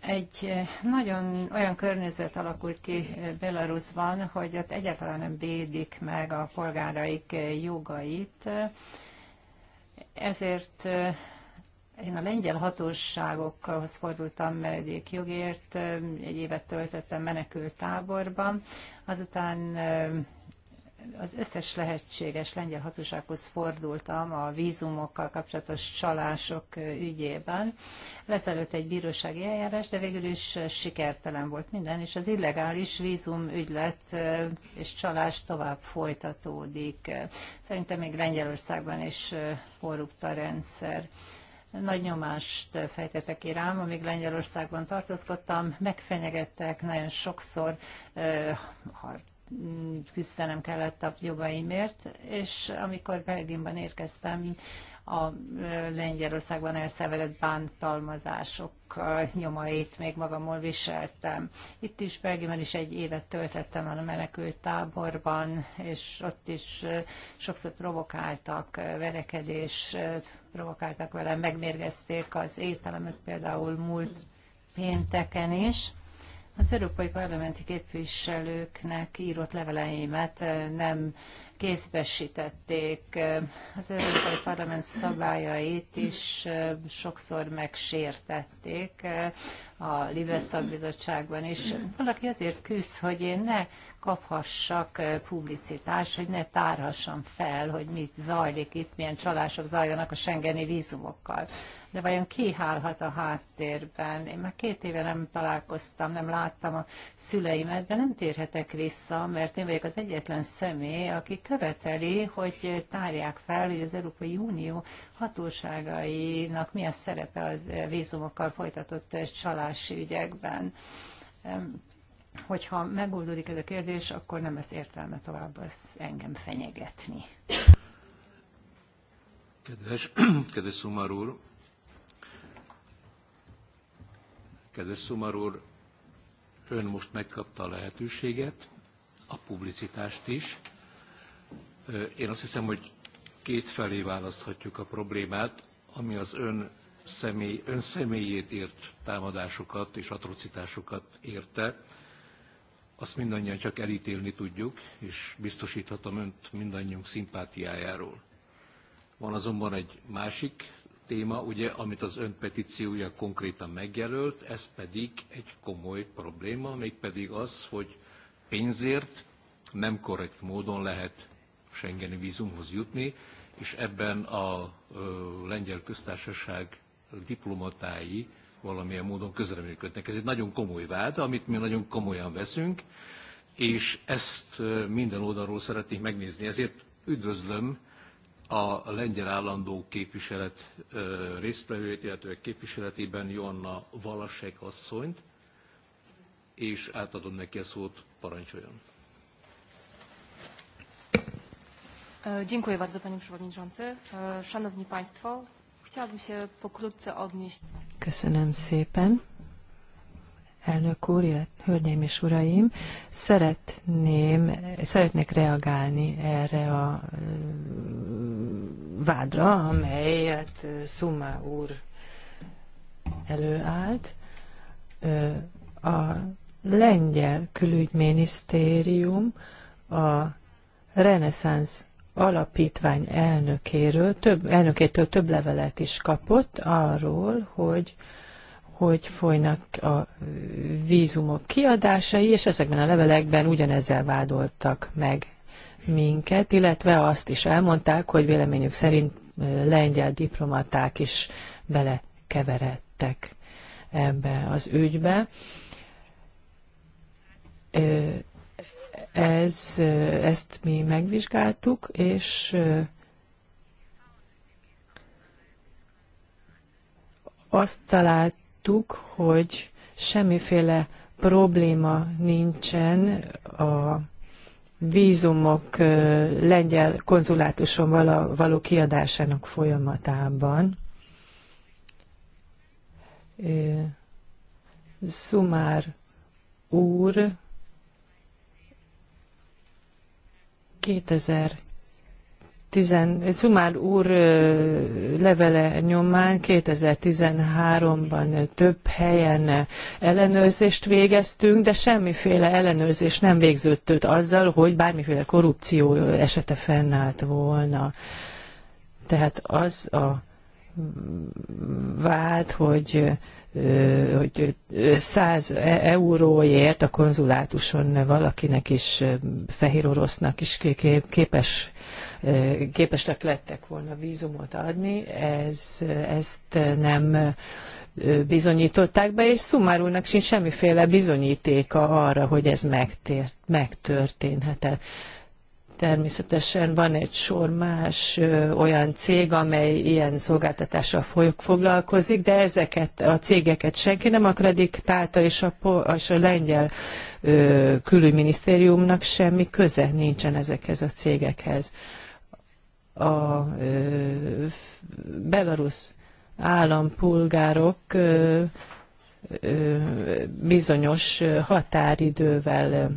egy nagyon olyan környezet alakult ki Belarusban, hogy ott egyáltalán nem védik meg a polgáraik jogait, ezért én a lengyel hatóságokhoz fordultam egyik jogért, egy évet töltöttem menekült táborban, azután eh, az összes lehetséges lengyel hatósághoz fordultam a vízumokkal kapcsolatos csalások eh, ügyében. Lezelőtt egy bírósági eljárás, de végül is eh, sikertelen volt minden, és az illegális vízum ügylet és csalás tovább folytatódik. Szerintem még Lengyelországban is korrupt a rendszer nagy nyomást fejtettek ki rám, amíg Lengyelországban tartózkodtam, megfenyegettek nagyon sokszor, küzdenem kellett a jogaimért, és amikor Belgiumban érkeztem, a Lengyelországban elszenvedett bántalmazások nyomait még magamon viseltem. Itt is Belgiumban is egy évet töltettem a menekült táborban, és ott is sokszor provokáltak verekedés, provokáltak velem, megmérgezték az ételemet például múlt pénteken is. Az európai parlamenti képviselőknek írott leveleimet nem kézbesítették. Az Európai Parlament szabályait is sokszor megsértették a Libe Szakbizottságban is. Valaki azért küzd, hogy én ne kaphassak publicitást, hogy ne tárhassam fel, hogy mi zajlik itt, milyen csalások zajlanak a Schengeni vízumokkal. De vajon ki hálhat a háttérben? Én már két éve nem találkoztam, nem láttam a szüleimet, de nem térhetek vissza, mert én vagyok az egyetlen személy, aki követeli, hogy tárják fel, hogy az Európai Unió hatóságainak milyen szerepe a vízumokkal folytatott csalási ügyekben. Hogyha megoldódik ez a kérdés, akkor nem lesz értelme tovább az engem fenyegetni. Kedves, kedves Szumar úr, kedves Szumar úr, ön most megkapta a lehetőséget, a publicitást is, én azt hiszem, hogy két felé választhatjuk a problémát, ami az ön, személy, ön személyét ért támadásokat és atrocitásokat érte. Azt mindannyian csak elítélni tudjuk, és biztosíthatom önt mindannyiunk szimpátiájáról. Van azonban egy másik téma, ugye, amit az ön petíciója konkrétan megjelölt, ez pedig egy komoly probléma, mégpedig az, hogy pénzért nem korrekt módon lehet Schengeni vízumhoz jutni, és ebben a lengyel köztársaság diplomatái valamilyen módon közreműködnek. Ez egy nagyon komoly vád, amit mi nagyon komolyan veszünk, és ezt minden oldalról szeretnénk megnézni. Ezért üdvözlöm a lengyel állandó képviselet résztvevőjét, illetve képviseletében Joanna Valasek asszonyt, és átadom neki a szót, parancsoljon. E, dziękuję bardzo panie przewodniczący. E, szanowni państwo, chciałabym się pokrótce odnieść. Köszönöm szépen. Elnök úr, hölgyeim és uraim, szeretném, szeretnék reagálni erre a e, vádra, amelyet Szumá úr előállt. A lengyel külügyminisztérium a reneszánsz alapítvány elnökéről, több, elnökétől több levelet is kapott arról, hogy hogy folynak a vízumok kiadásai, és ezekben a levelekben ugyanezzel vádoltak meg minket, illetve azt is elmondták, hogy véleményük szerint lengyel diplomaták is belekeveredtek ebbe az ügybe. Ez, ezt mi megvizsgáltuk, és azt találtuk, hogy semmiféle probléma nincsen a vízumok lengyel konzulátuson való kiadásának folyamatában. Szumár úr 2000 Tizen, Szumár úr levele nyomán 2013-ban több helyen ellenőrzést végeztünk, de semmiféle ellenőrzés nem végződött azzal, hogy bármiféle korrupció esete fennállt volna. Tehát az a vált, hogy hogy 100 euróért a konzulátuson valakinek is, fehér orosznak is képes, képesek lettek volna vízumot adni, ez, ezt nem bizonyították be, és Szumárulnak sincs semmiféle bizonyítéka arra, hogy ez megtért, megtörténhetett. Természetesen van egy sor más ö, olyan cég, amely ilyen szolgáltatással foglalkozik, de ezeket a cégeket senki nem akreditálta, és a, és a lengyel ö, külügyminisztériumnak semmi köze nincsen ezekhez a cégekhez. A ö, belarusz állampolgárok bizonyos határidővel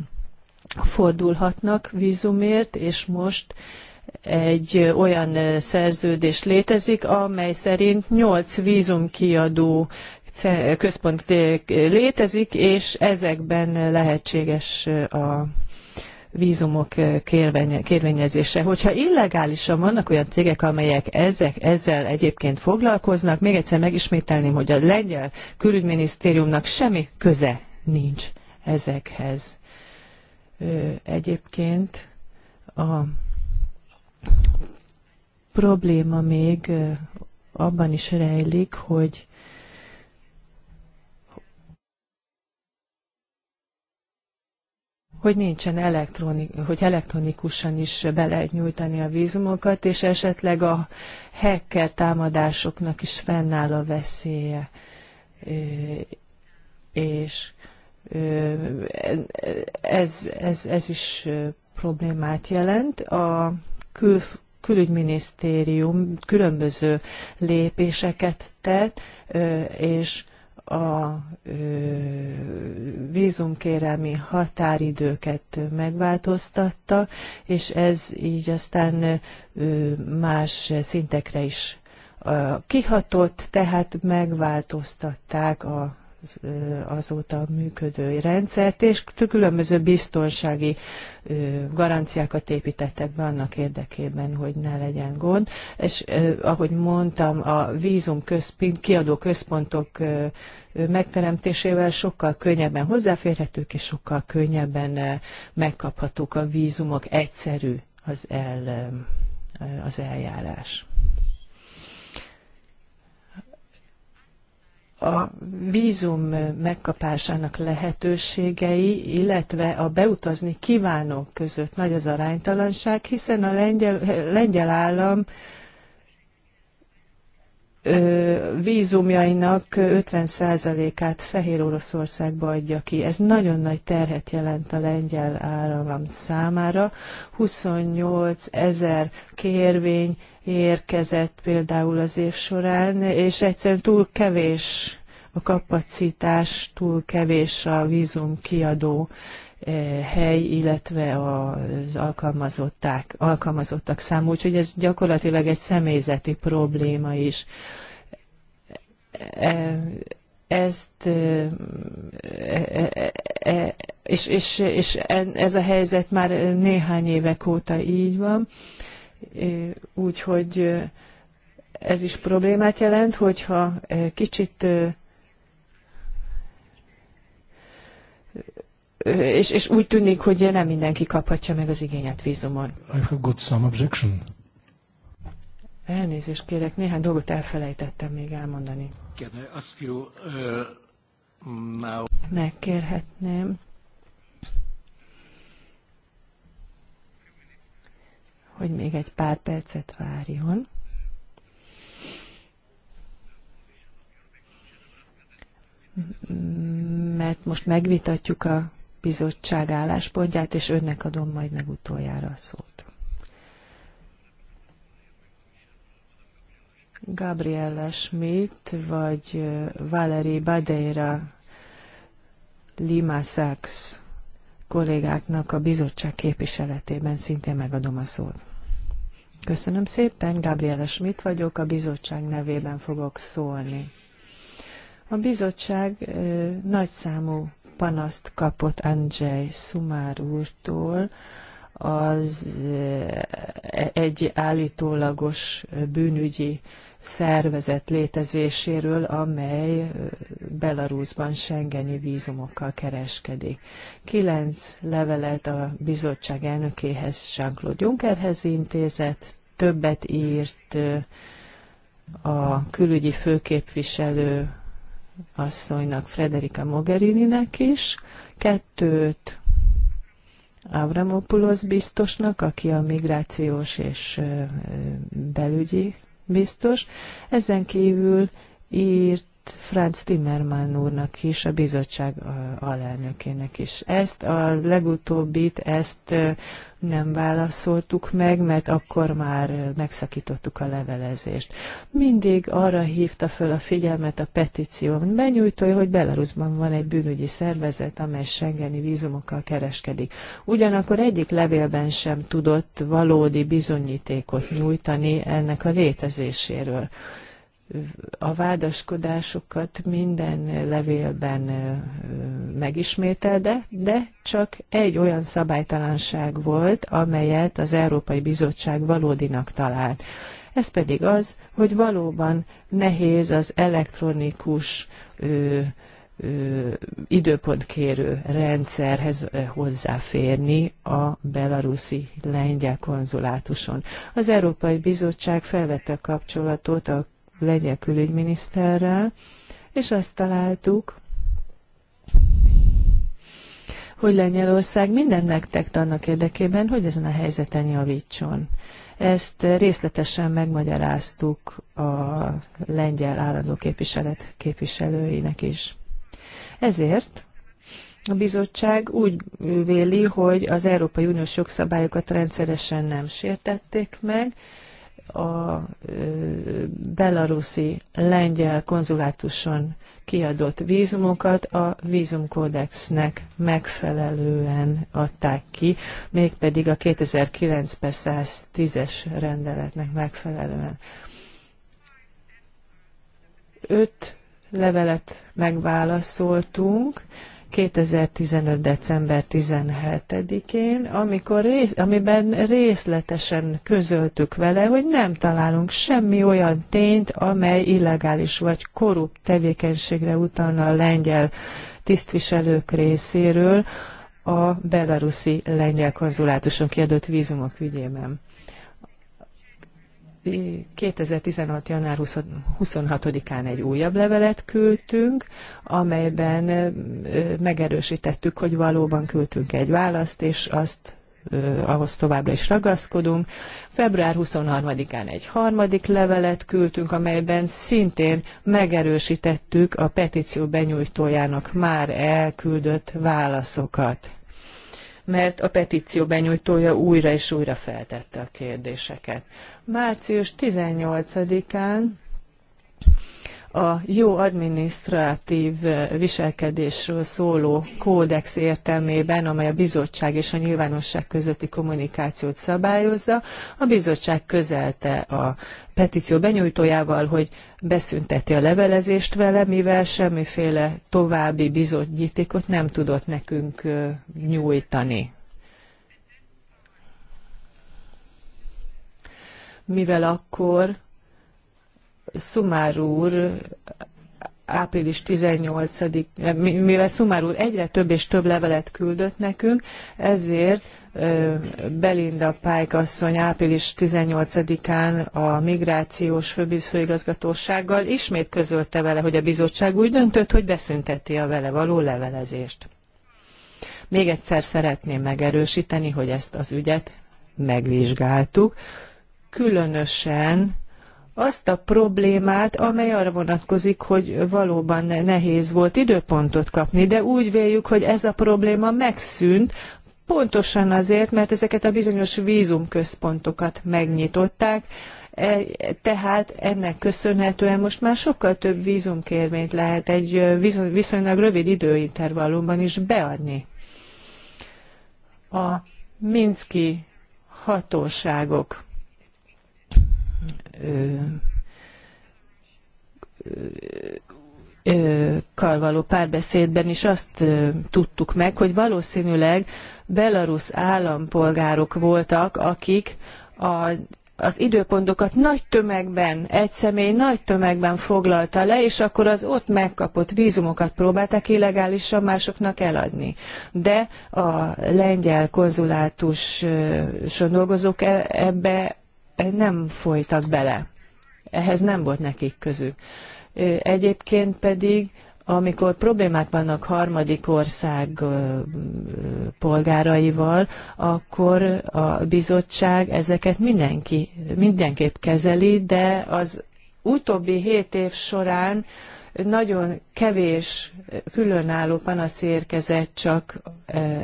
fordulhatnak vízumért, és most egy olyan szerződés létezik, amely szerint 8 vízumkiadó központ létezik, és ezekben lehetséges a vízumok kérvényezése. Hogyha illegálisan vannak olyan cégek, amelyek ezek, ezzel egyébként foglalkoznak, még egyszer megismételném, hogy a lengyel külügyminisztériumnak semmi köze nincs ezekhez. Egyébként a probléma még abban is rejlik, hogy hogy nincsen elektronik, hogy elektronikusan is be lehet nyújtani a vízumokat, és esetleg a hacker támadásoknak is fennáll a veszélye. És ez, ez, ez is problémát jelent. A kül, külügyminisztérium különböző lépéseket tett, és a vízumkérelmi határidőket megváltoztatta, és ez így aztán más szintekre is kihatott, tehát megváltoztatták a azóta működő rendszert, és különböző biztonsági garanciákat építettek be annak érdekében, hogy ne legyen gond. És ahogy mondtam, a vízum központ, kiadó központok megteremtésével sokkal könnyebben hozzáférhetők, és sokkal könnyebben megkaphatók a vízumok, egyszerű az, el, az eljárás. a vízum megkapásának lehetőségei, illetve a beutazni kívánók között nagy az aránytalanság, hiszen a lengyel, lengyel állam vízumjainak 50%-át Fehér Oroszországba adja ki. Ez nagyon nagy terhet jelent a lengyel állam számára. 28 ezer kérvény érkezett például az év során, és egyszerűen túl kevés a kapacitás, túl kevés a vízum kiadó eh, hely, illetve az alkalmazották, alkalmazottak számú, úgyhogy ez gyakorlatilag egy személyzeti probléma is. E, ezt, eh, e, e, és, és, és ez a helyzet már néhány évek óta így van, Úgyhogy ez is problémát jelent, hogyha kicsit és, és úgy tűnik, hogy nem mindenki kaphatja meg az igényet vízumon. I forgot some objection. Elnézést kérek, néhány dolgot elfelejtettem még elmondani. Can I ask you, uh, now? Megkérhetném hogy még egy pár percet várjon. Mert most megvitatjuk a bizottság álláspontját, és önnek adom majd meg utoljára a szót. Gabriella Schmidt vagy Valerie Badeira Lima Sachs kollégáknak a bizottság képviseletében szintén megadom a szót. Köszönöm szépen, Gabriela Schmidt vagyok, a bizottság nevében fogok szólni. A bizottság ö, nagyszámú panaszt kapott Andrzej Szumár úrtól, az e, egy állítólagos bűnügyi szervezet létezéséről, amely Belarusban Schengeni vízumokkal kereskedik. Kilenc levelet a bizottság elnökéhez, Jean-Claude Junckerhez intézett, többet írt a külügyi főképviselő asszonynak, Frederika Mogherininek is, kettőt Avramopoulos biztosnak, aki a migrációs és belügyi biztos. Ezen kívül írt Franz Timmermann úrnak is, a bizottság alelnökének is. Ezt a legutóbbit, ezt nem válaszoltuk meg, mert akkor már megszakítottuk a levelezést. Mindig arra hívta föl a figyelmet a petíció, benyújtója, hogy Belarusban van egy bűnügyi szervezet, amely Schengeni vízumokkal kereskedik. Ugyanakkor egyik levélben sem tudott valódi bizonyítékot nyújtani ennek a létezéséről a vádaskodásokat minden levélben megismételde, de, de csak egy olyan szabálytalanság volt, amelyet az Európai Bizottság valódinak talált. Ez pedig az, hogy valóban nehéz az elektronikus ö, ö, időpontkérő rendszerhez hozzáférni a belaruszi lengyel konzulátuson. Az Európai Bizottság felvette a kapcsolatot a legyen külügyminiszterrel, és azt találtuk, hogy Lengyelország mindent megtett annak érdekében, hogy ezen a helyzeten javítson. Ezt részletesen megmagyaráztuk a lengyel állandó képviselet képviselőinek is. Ezért a bizottság úgy véli, hogy az Európai Uniós jogszabályokat rendszeresen nem sértették meg, a belaruszi lengyel konzulátuson kiadott vízumokat a vízumkódexnek megfelelően adták ki, mégpedig a 2009 110-es rendeletnek megfelelően. Öt levelet megválaszoltunk, 2015. december 17-én, amikor rész, amiben részletesen közöltük vele, hogy nem találunk semmi olyan tényt, amely illegális vagy korrupt tevékenységre utalna a lengyel tisztviselők részéről a belaruszi lengyel konzulátuson kiadott vízumok ügyében. 2016. január 26-án egy újabb levelet küldtünk, amelyben megerősítettük, hogy valóban küldtünk egy választ, és azt ahhoz továbbra is ragaszkodunk. Február 23-án egy harmadik levelet küldtünk, amelyben szintén megerősítettük a petíció benyújtójának már elküldött válaszokat mert a petíció benyújtója újra és újra feltette a kérdéseket. Március 18-án a jó adminisztratív viselkedésről szóló kódex értelmében, amely a bizottság és a nyilvánosság közötti kommunikációt szabályozza, a bizottság közelte a petíció benyújtójával, hogy beszünteti a levelezést vele, mivel semmiféle további bizonyítékot nem tudott nekünk nyújtani. Mivel akkor Szumár úr április 18 eh, mivel Szumár úr egyre több és több levelet küldött nekünk, ezért Belinda Pike asszony április 18-án a migrációs főigazgatósággal ismét közölte vele, hogy a bizottság úgy döntött, hogy beszünteti a vele való levelezést. Még egyszer szeretném megerősíteni, hogy ezt az ügyet megvizsgáltuk, különösen azt a problémát, amely arra vonatkozik, hogy valóban nehéz volt időpontot kapni, de úgy véljük, hogy ez a probléma megszűnt, pontosan azért, mert ezeket a bizonyos vízumközpontokat megnyitották, e, tehát ennek köszönhetően most már sokkal több vízumkérvényt lehet egy viszonylag rövid időintervallumban is beadni. A Minszki hatóságok kal való párbeszédben is azt tudtuk meg, hogy valószínűleg belarusz állampolgárok voltak, akik a az időpontokat nagy tömegben, egy személy nagy tömegben foglalta le, és akkor az ott megkapott vízumokat próbálták illegálisan másoknak eladni. De a lengyel konzulátuson dolgozók e, ebbe nem folytak bele. Ehhez nem volt nekik közük. Egyébként pedig amikor problémák vannak harmadik ország polgáraival, akkor a bizottság ezeket mindenki, mindenképp kezeli, de az utóbbi hét év során nagyon kevés különálló panasz érkezett csak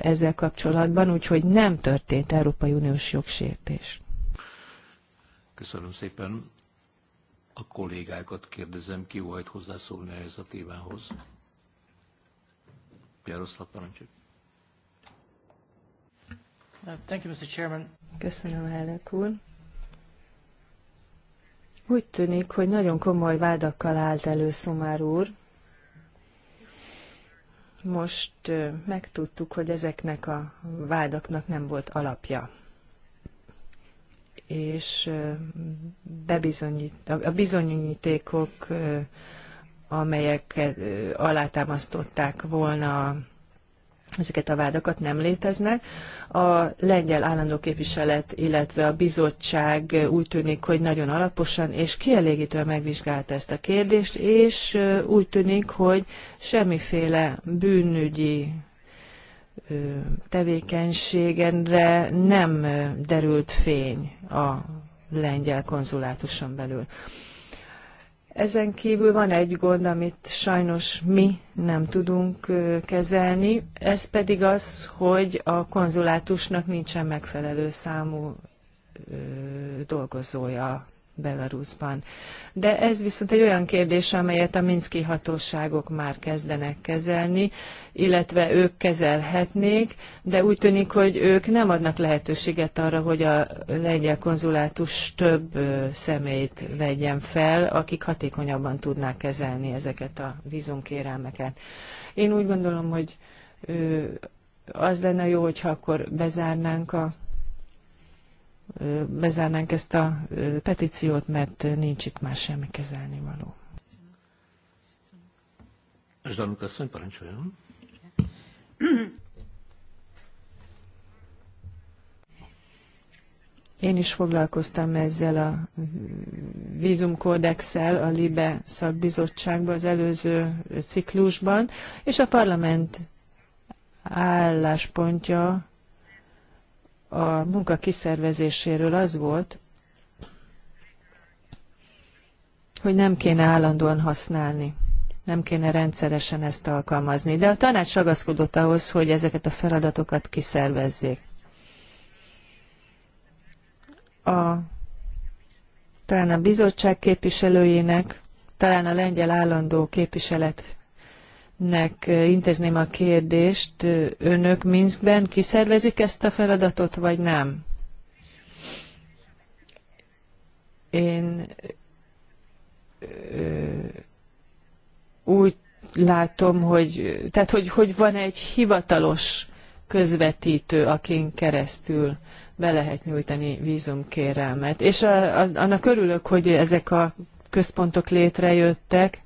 ezzel kapcsolatban, úgyhogy nem történt Európai Uniós jogsértés. Köszönöm szépen. A kollégákat kérdezem, ki volt hozzászólni ehhez a témához. Jaroszlav parancsol. Thank you, Mr. Chairman. Köszönöm, elnök úr. Úgy tűnik, hogy nagyon komoly vádakkal állt elő Szumár úr. Most megtudtuk, hogy ezeknek a vádaknak nem volt alapja és bebizonyít, a bizonyítékok, amelyek alátámasztották volna ezeket a vádakat nem léteznek. A lengyel állandó képviselet, illetve a bizottság úgy tűnik, hogy nagyon alaposan és kielégítően megvizsgálta ezt a kérdést, és úgy tűnik, hogy semmiféle bűnügyi tevékenységenre nem derült fény a lengyel konzulátuson belül. Ezen kívül van egy gond, amit sajnos mi nem tudunk kezelni, ez pedig az, hogy a konzulátusnak nincsen megfelelő számú dolgozója Belarusban. De ez viszont egy olyan kérdés, amelyet a minszki hatóságok már kezdenek kezelni, illetve ők kezelhetnék, de úgy tűnik, hogy ők nem adnak lehetőséget arra, hogy a lengyel konzulátus több személyt vegyen fel, akik hatékonyabban tudnák kezelni ezeket a vízunkérelmeket. Én úgy gondolom, hogy az lenne jó, hogyha akkor bezárnánk a bezárnánk ezt a petíciót, mert nincs itt már semmi kezelni való. Zsdanuk asszony, parancsoljon. Én is foglalkoztam ezzel a vízumkódexsel a LIBE szakbizottságban az előző ciklusban, és a parlament álláspontja a munka kiszervezéséről az volt, hogy nem kéne állandóan használni, nem kéne rendszeresen ezt alkalmazni. De a tanács ragaszkodott ahhoz, hogy ezeket a feladatokat kiszervezzék. A, talán a bizottság képviselőjének, talán a lengyel állandó képviselet nek intézném a kérdést, önök Minskben kiszervezik ezt a feladatot, vagy nem? Én úgy látom, hogy, tehát hogy, hogy van egy hivatalos közvetítő, akin keresztül be lehet nyújtani vízumkérelmet. És a, az, annak örülök, hogy ezek a központok létrejöttek,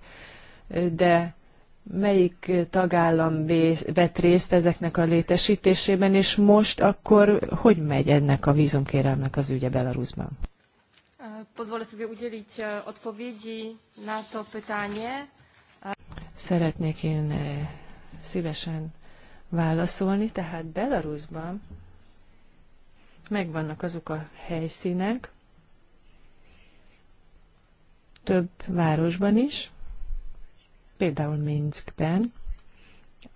de melyik tagállam vett részt ezeknek a létesítésében, és most akkor hogy megy ennek a vízumkérelmnek az ügye Belarusban? E, Szeretnék én e, szívesen válaszolni. Tehát Belarusban megvannak azok a helyszínek, több városban is, például Minskben,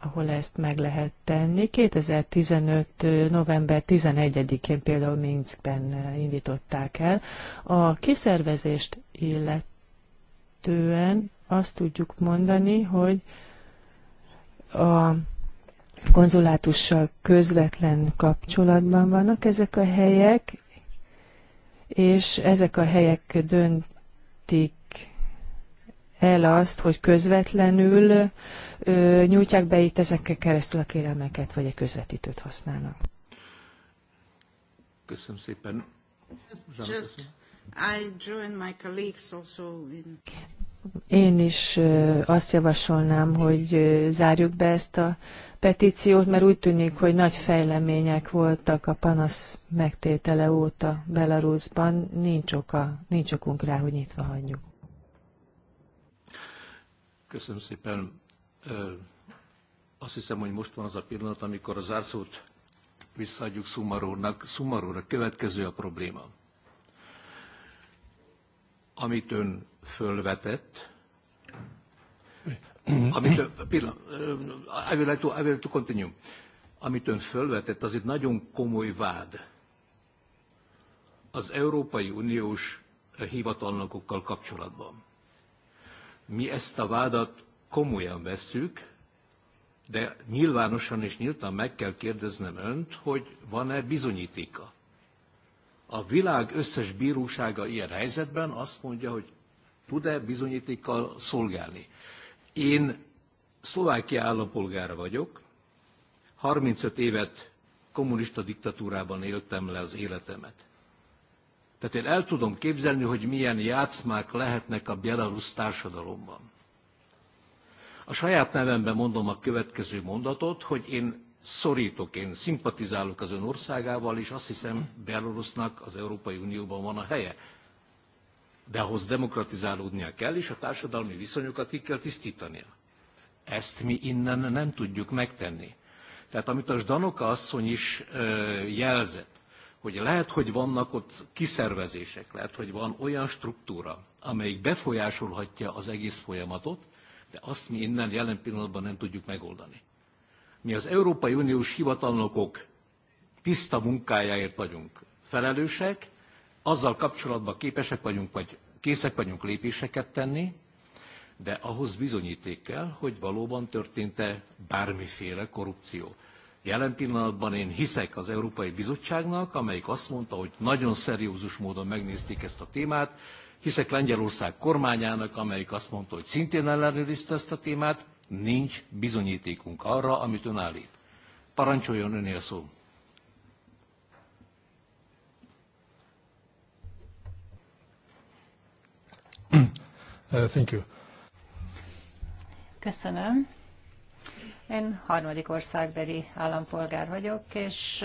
ahol ezt meg lehet tenni. 2015. november 11-én például Minskben indították el. A kiszervezést illetően azt tudjuk mondani, hogy a konzulátussal közvetlen kapcsolatban vannak ezek a helyek, és ezek a helyek döntik el azt, hogy közvetlenül ö, nyújtják be itt ezekkel keresztül a kérelmeket, vagy egy közvetítőt használnak? Köszönöm szépen. Just, I join my colleagues also in... Én is azt javasolnám, hogy zárjuk be ezt a petíciót, mert úgy tűnik, hogy nagy fejlemények voltak a panasz megtétele óta Belarusban. Nincs oka, nincs okunk rá, hogy nyitva hagyjuk. Köszönöm szépen. Azt hiszem, hogy most van az a pillanat, amikor az zárszót visszaadjuk Szumarónak. Szumaróra következő a probléma. Amit ön fölvetett, amit ön, pillanat, I will, like to, I will to continue. Amit ön fölvetett, az itt nagyon komoly vád az Európai Uniós hivatalnokokkal kapcsolatban mi ezt a vádat komolyan vesszük, de nyilvánosan és nyíltan meg kell kérdeznem önt, hogy van-e bizonyítéka. A világ összes bírósága ilyen helyzetben azt mondja, hogy tud-e bizonyítékkal szolgálni. Én Szlovákia állampolgára vagyok, 35 évet kommunista diktatúrában éltem le az életemet. Tehát én el tudom képzelni, hogy milyen játszmák lehetnek a belarusz társadalomban. A saját nevemben mondom a következő mondatot, hogy én szorítok, én szimpatizálok az ön országával, és azt hiszem Belarusnak az Európai Unióban van a helye. De ahhoz demokratizálódnia kell, és a társadalmi viszonyokat ki kell tisztítania. Ezt mi innen nem tudjuk megtenni. Tehát amit a Zsdanoka asszony is jelzett, hogy lehet, hogy vannak ott kiszervezések, lehet, hogy van olyan struktúra, amelyik befolyásolhatja az egész folyamatot, de azt mi innen jelen pillanatban nem tudjuk megoldani. Mi az Európai Uniós hivatalnokok tiszta munkájáért vagyunk felelősek, azzal kapcsolatban képesek vagyunk, vagy készek vagyunk lépéseket tenni, de ahhoz bizonyíték kell, hogy valóban történt-e bármiféle korrupció. Jelen pillanatban én hiszek az Európai Bizottságnak, amelyik azt mondta, hogy nagyon szeriózus módon megnézték ezt a témát, hiszek Lengyelország kormányának, amelyik azt mondta, hogy szintén ellenőrizte ezt a témát, nincs bizonyítékunk arra, amit ön állít. Parancsoljon önél szó. Thank you. Köszönöm. Én harmadik országbeli állampolgár vagyok, és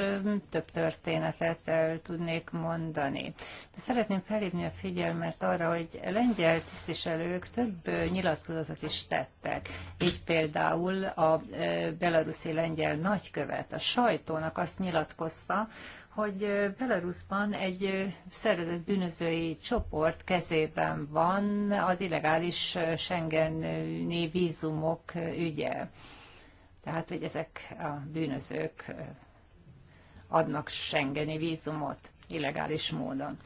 több történetet el tudnék mondani. De szeretném felhívni a figyelmet arra, hogy lengyel tisztviselők több nyilatkozatot is tettek. Így például a belaruszi lengyel nagykövet a sajtónak azt nyilatkozta, hogy Belarusban egy szervezett bűnözői csoport kezében van az illegális Schengeni vízumok ügye. Tehát, hogy ezek a bűnözők adnak Schengeni vízumot illegális módon.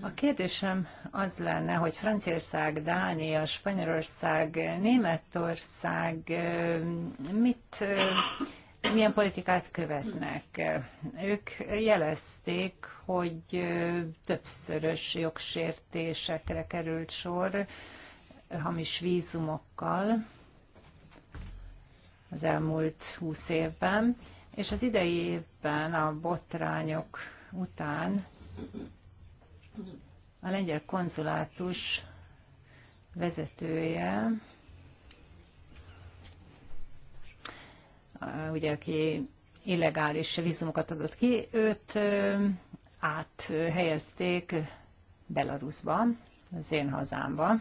A kérdésem az lenne, hogy Franciaország, Dánia, Spanyolország, Németország mit, milyen politikát követnek? Ők jelezték, hogy többszörös jogsértésekre került sor hamis vízumokkal, az elmúlt húsz évben, és az idei évben a botrányok után a lengyel konzulátus vezetője, ugye, aki illegális vízumokat adott ki, őt áthelyezték Belarusba, az én hazámba.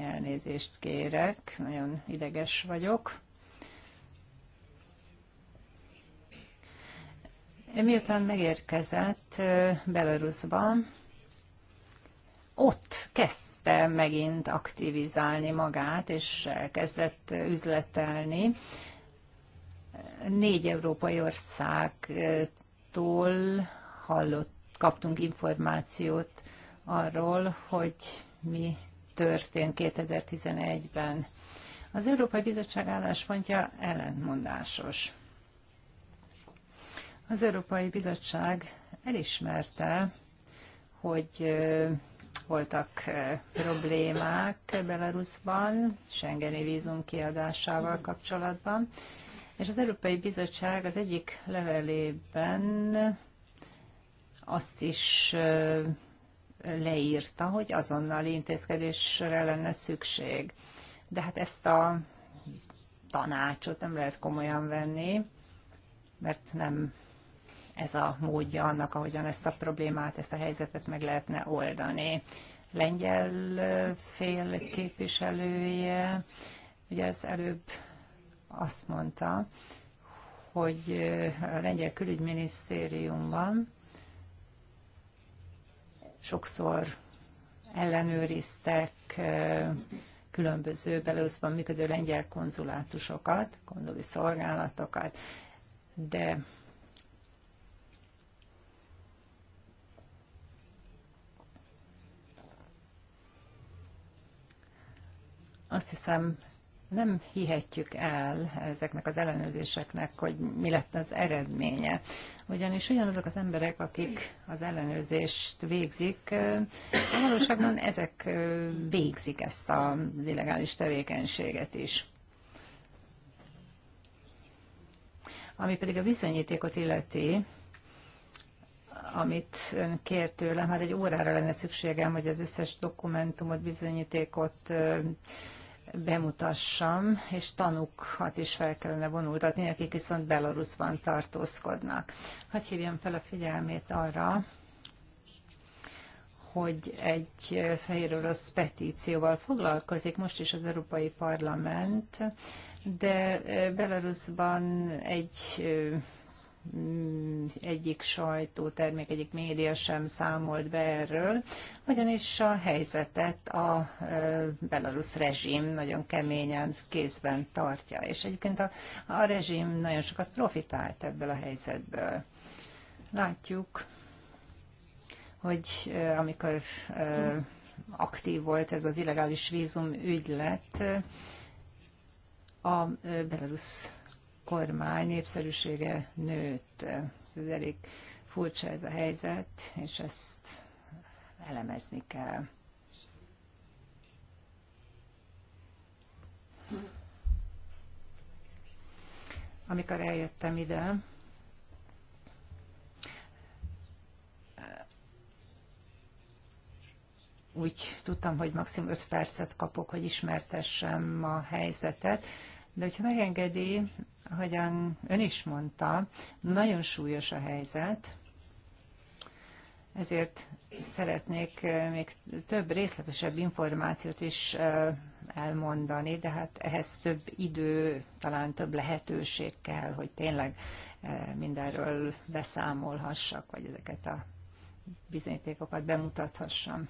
Elnézést kérek, nagyon ideges vagyok. Miután megérkezett Belarusba, ott kezdte megint aktivizálni magát, és elkezdett üzletelni. Négy európai országtól hallott, kaptunk információt arról, hogy mi történt 2011-ben. Az Európai Bizottság álláspontja ellentmondásos. Az Európai Bizottság elismerte, hogy voltak problémák Belarusban, Schengeni vízum kiadásával kapcsolatban, és az Európai Bizottság az egyik levelében azt is leírta, hogy azonnali intézkedésre lenne szükség. De hát ezt a tanácsot nem lehet komolyan venni, mert nem ez a módja annak, ahogyan ezt a problémát, ezt a helyzetet meg lehetne oldani. Lengyel fél képviselője ugye az előbb azt mondta, hogy a lengyel külügyminisztériumban sokszor ellenőriztek különböző belőszban működő lengyel konzulátusokat, gondoli szolgálatokat, de azt hiszem nem hihetjük el ezeknek az ellenőrzéseknek, hogy mi lett az eredménye. Ugyanis ugyanazok az emberek, akik az ellenőrzést végzik, valóságban ezek végzik ezt a illegális tevékenységet is. Ami pedig a bizonyítékot illeti, amit ön kért tőlem, hát egy órára lenne szükségem, hogy az összes dokumentumot, bizonyítékot bemutassam, és tanukat is fel kellene vonultatni, akik viszont Belarusban tartózkodnak. Hagy hívjam fel a figyelmét arra, hogy egy fehér orosz petícióval foglalkozik most is az Európai Parlament, de Belarusban egy Hmm, egyik sajtótermék, egyik média sem számolt be erről, ugyanis a helyzetet a e, belarusz rezsim nagyon keményen kézben tartja, és egyébként a, a rezsim nagyon sokat profitált ebből a helyzetből. Látjuk, hogy e, amikor e, aktív volt ez az illegális vízum ügylet, a belarusz kormány népszerűsége nőtt. Ez elég furcsa ez a helyzet, és ezt elemezni kell. Amikor eljöttem ide, úgy tudtam, hogy maximum 5 percet kapok, hogy ismertessem a helyzetet, de hogyha megengedi, hogyan ön is mondta, nagyon súlyos a helyzet, ezért szeretnék eh, még több részletesebb információt is eh, elmondani, de hát ehhez több idő, talán több lehetőség kell, hogy tényleg eh, mindenről beszámolhassak, vagy ezeket a bizonyítékokat bemutathassam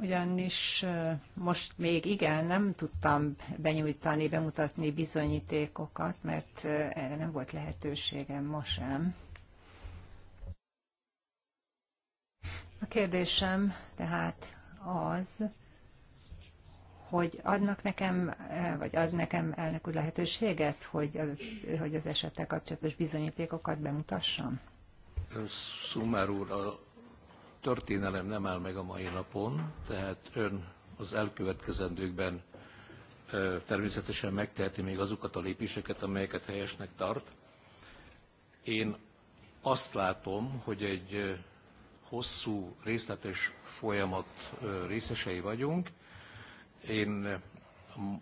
ugyanis most még igen, nem tudtam benyújtani, bemutatni bizonyítékokat, mert erre nem volt lehetőségem ma sem. A kérdésem tehát az, hogy adnak nekem, vagy ad nekem elnök úr lehetőséget, hogy az, hogy az esettel kapcsolatos bizonyítékokat bemutassam? Szumár úr, a történelem nem áll meg a mai napon, tehát ön az elkövetkezendőkben természetesen megteheti még azokat a lépéseket, amelyeket helyesnek tart. Én azt látom, hogy egy hosszú, részletes folyamat részesei vagyunk. Én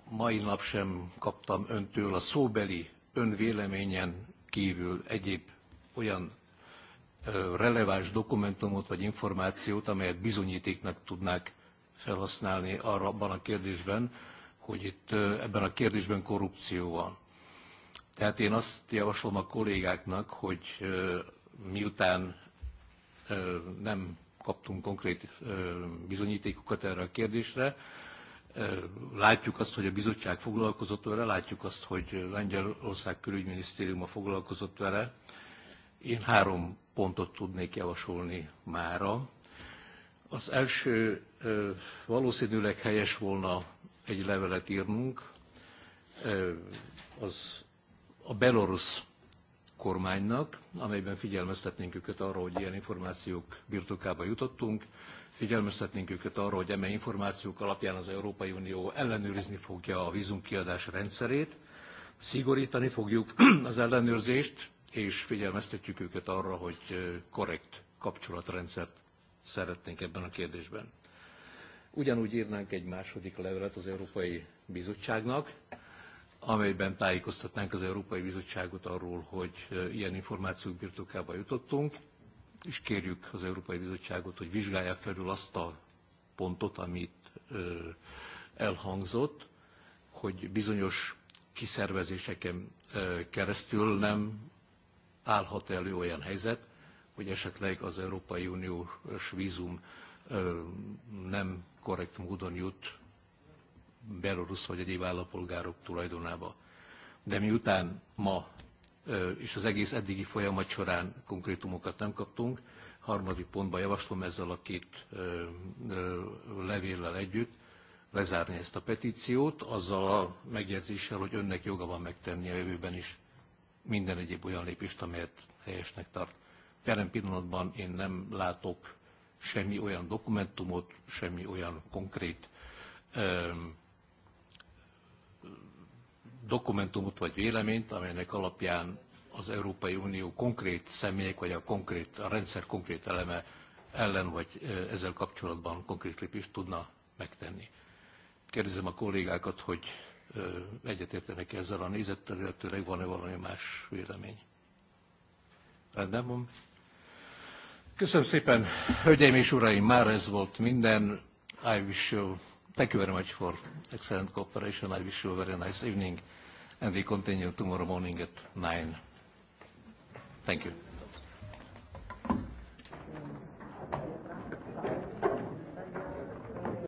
mai nap sem kaptam öntől a szóbeli önvéleményen kívül egyéb olyan releváns dokumentumot vagy információt, amelyet bizonyítéknak tudnák felhasználni arra abban a kérdésben, hogy itt ebben a kérdésben korrupció van. Tehát én azt javaslom a kollégáknak, hogy miután nem kaptunk konkrét bizonyítékokat erre a kérdésre, Látjuk azt, hogy a bizottság foglalkozott vele, látjuk azt, hogy Lengyelország külügyminisztériuma foglalkozott vele, én három pontot tudnék javasolni mára. Az első valószínűleg helyes volna egy levelet írnunk az a belorusz kormánynak, amelyben figyelmeztetnénk őket arra, hogy ilyen információk birtokába jutottunk, figyelmeztetnénk őket arra, hogy eme információk alapján az Európai Unió ellenőrizni fogja a vízumkiadás rendszerét, szigorítani fogjuk az ellenőrzést, és figyelmeztetjük őket arra, hogy korrekt kapcsolatrendszert szeretnénk ebben a kérdésben. Ugyanúgy írnánk egy második levelet az Európai Bizottságnak, amelyben tájékoztatnánk az Európai Bizottságot arról, hogy ilyen információk birtokába jutottunk, és kérjük az Európai Bizottságot, hogy vizsgálják felül azt a pontot, amit elhangzott, hogy bizonyos kiszervezéseken keresztül nem állhat elő olyan helyzet, hogy esetleg az Európai Uniós vízum nem korrekt módon jut belorusz vagy egyéb állapolgárok tulajdonába. De miután ma és az egész eddigi folyamat során konkrétumokat nem kaptunk, harmadik pontban javaslom ezzel a két levéllel együtt lezárni ezt a petíciót, azzal a megjegyzéssel, hogy önnek joga van megtenni a jövőben is minden egyéb olyan lépést, amelyet helyesnek tart. Jelen pillanatban én nem látok semmi olyan dokumentumot, semmi olyan konkrét dokumentumot vagy véleményt, amelynek alapján az Európai Unió konkrét személyek, vagy a, konkrét, a rendszer konkrét eleme ellen, vagy ezzel kapcsolatban konkrét lépést tudna megtenni. Kérdezem a kollégákat, hogy egyetértenek ezzel a nézettel, illetőleg van-e valami más vélemény. Rendben van. Köszönöm szépen, hölgyeim és uraim, már ez volt minden. I wish you, thank you very much for excellent cooperation. I wish you a very nice evening, and we continue tomorrow morning at 9. Thank you.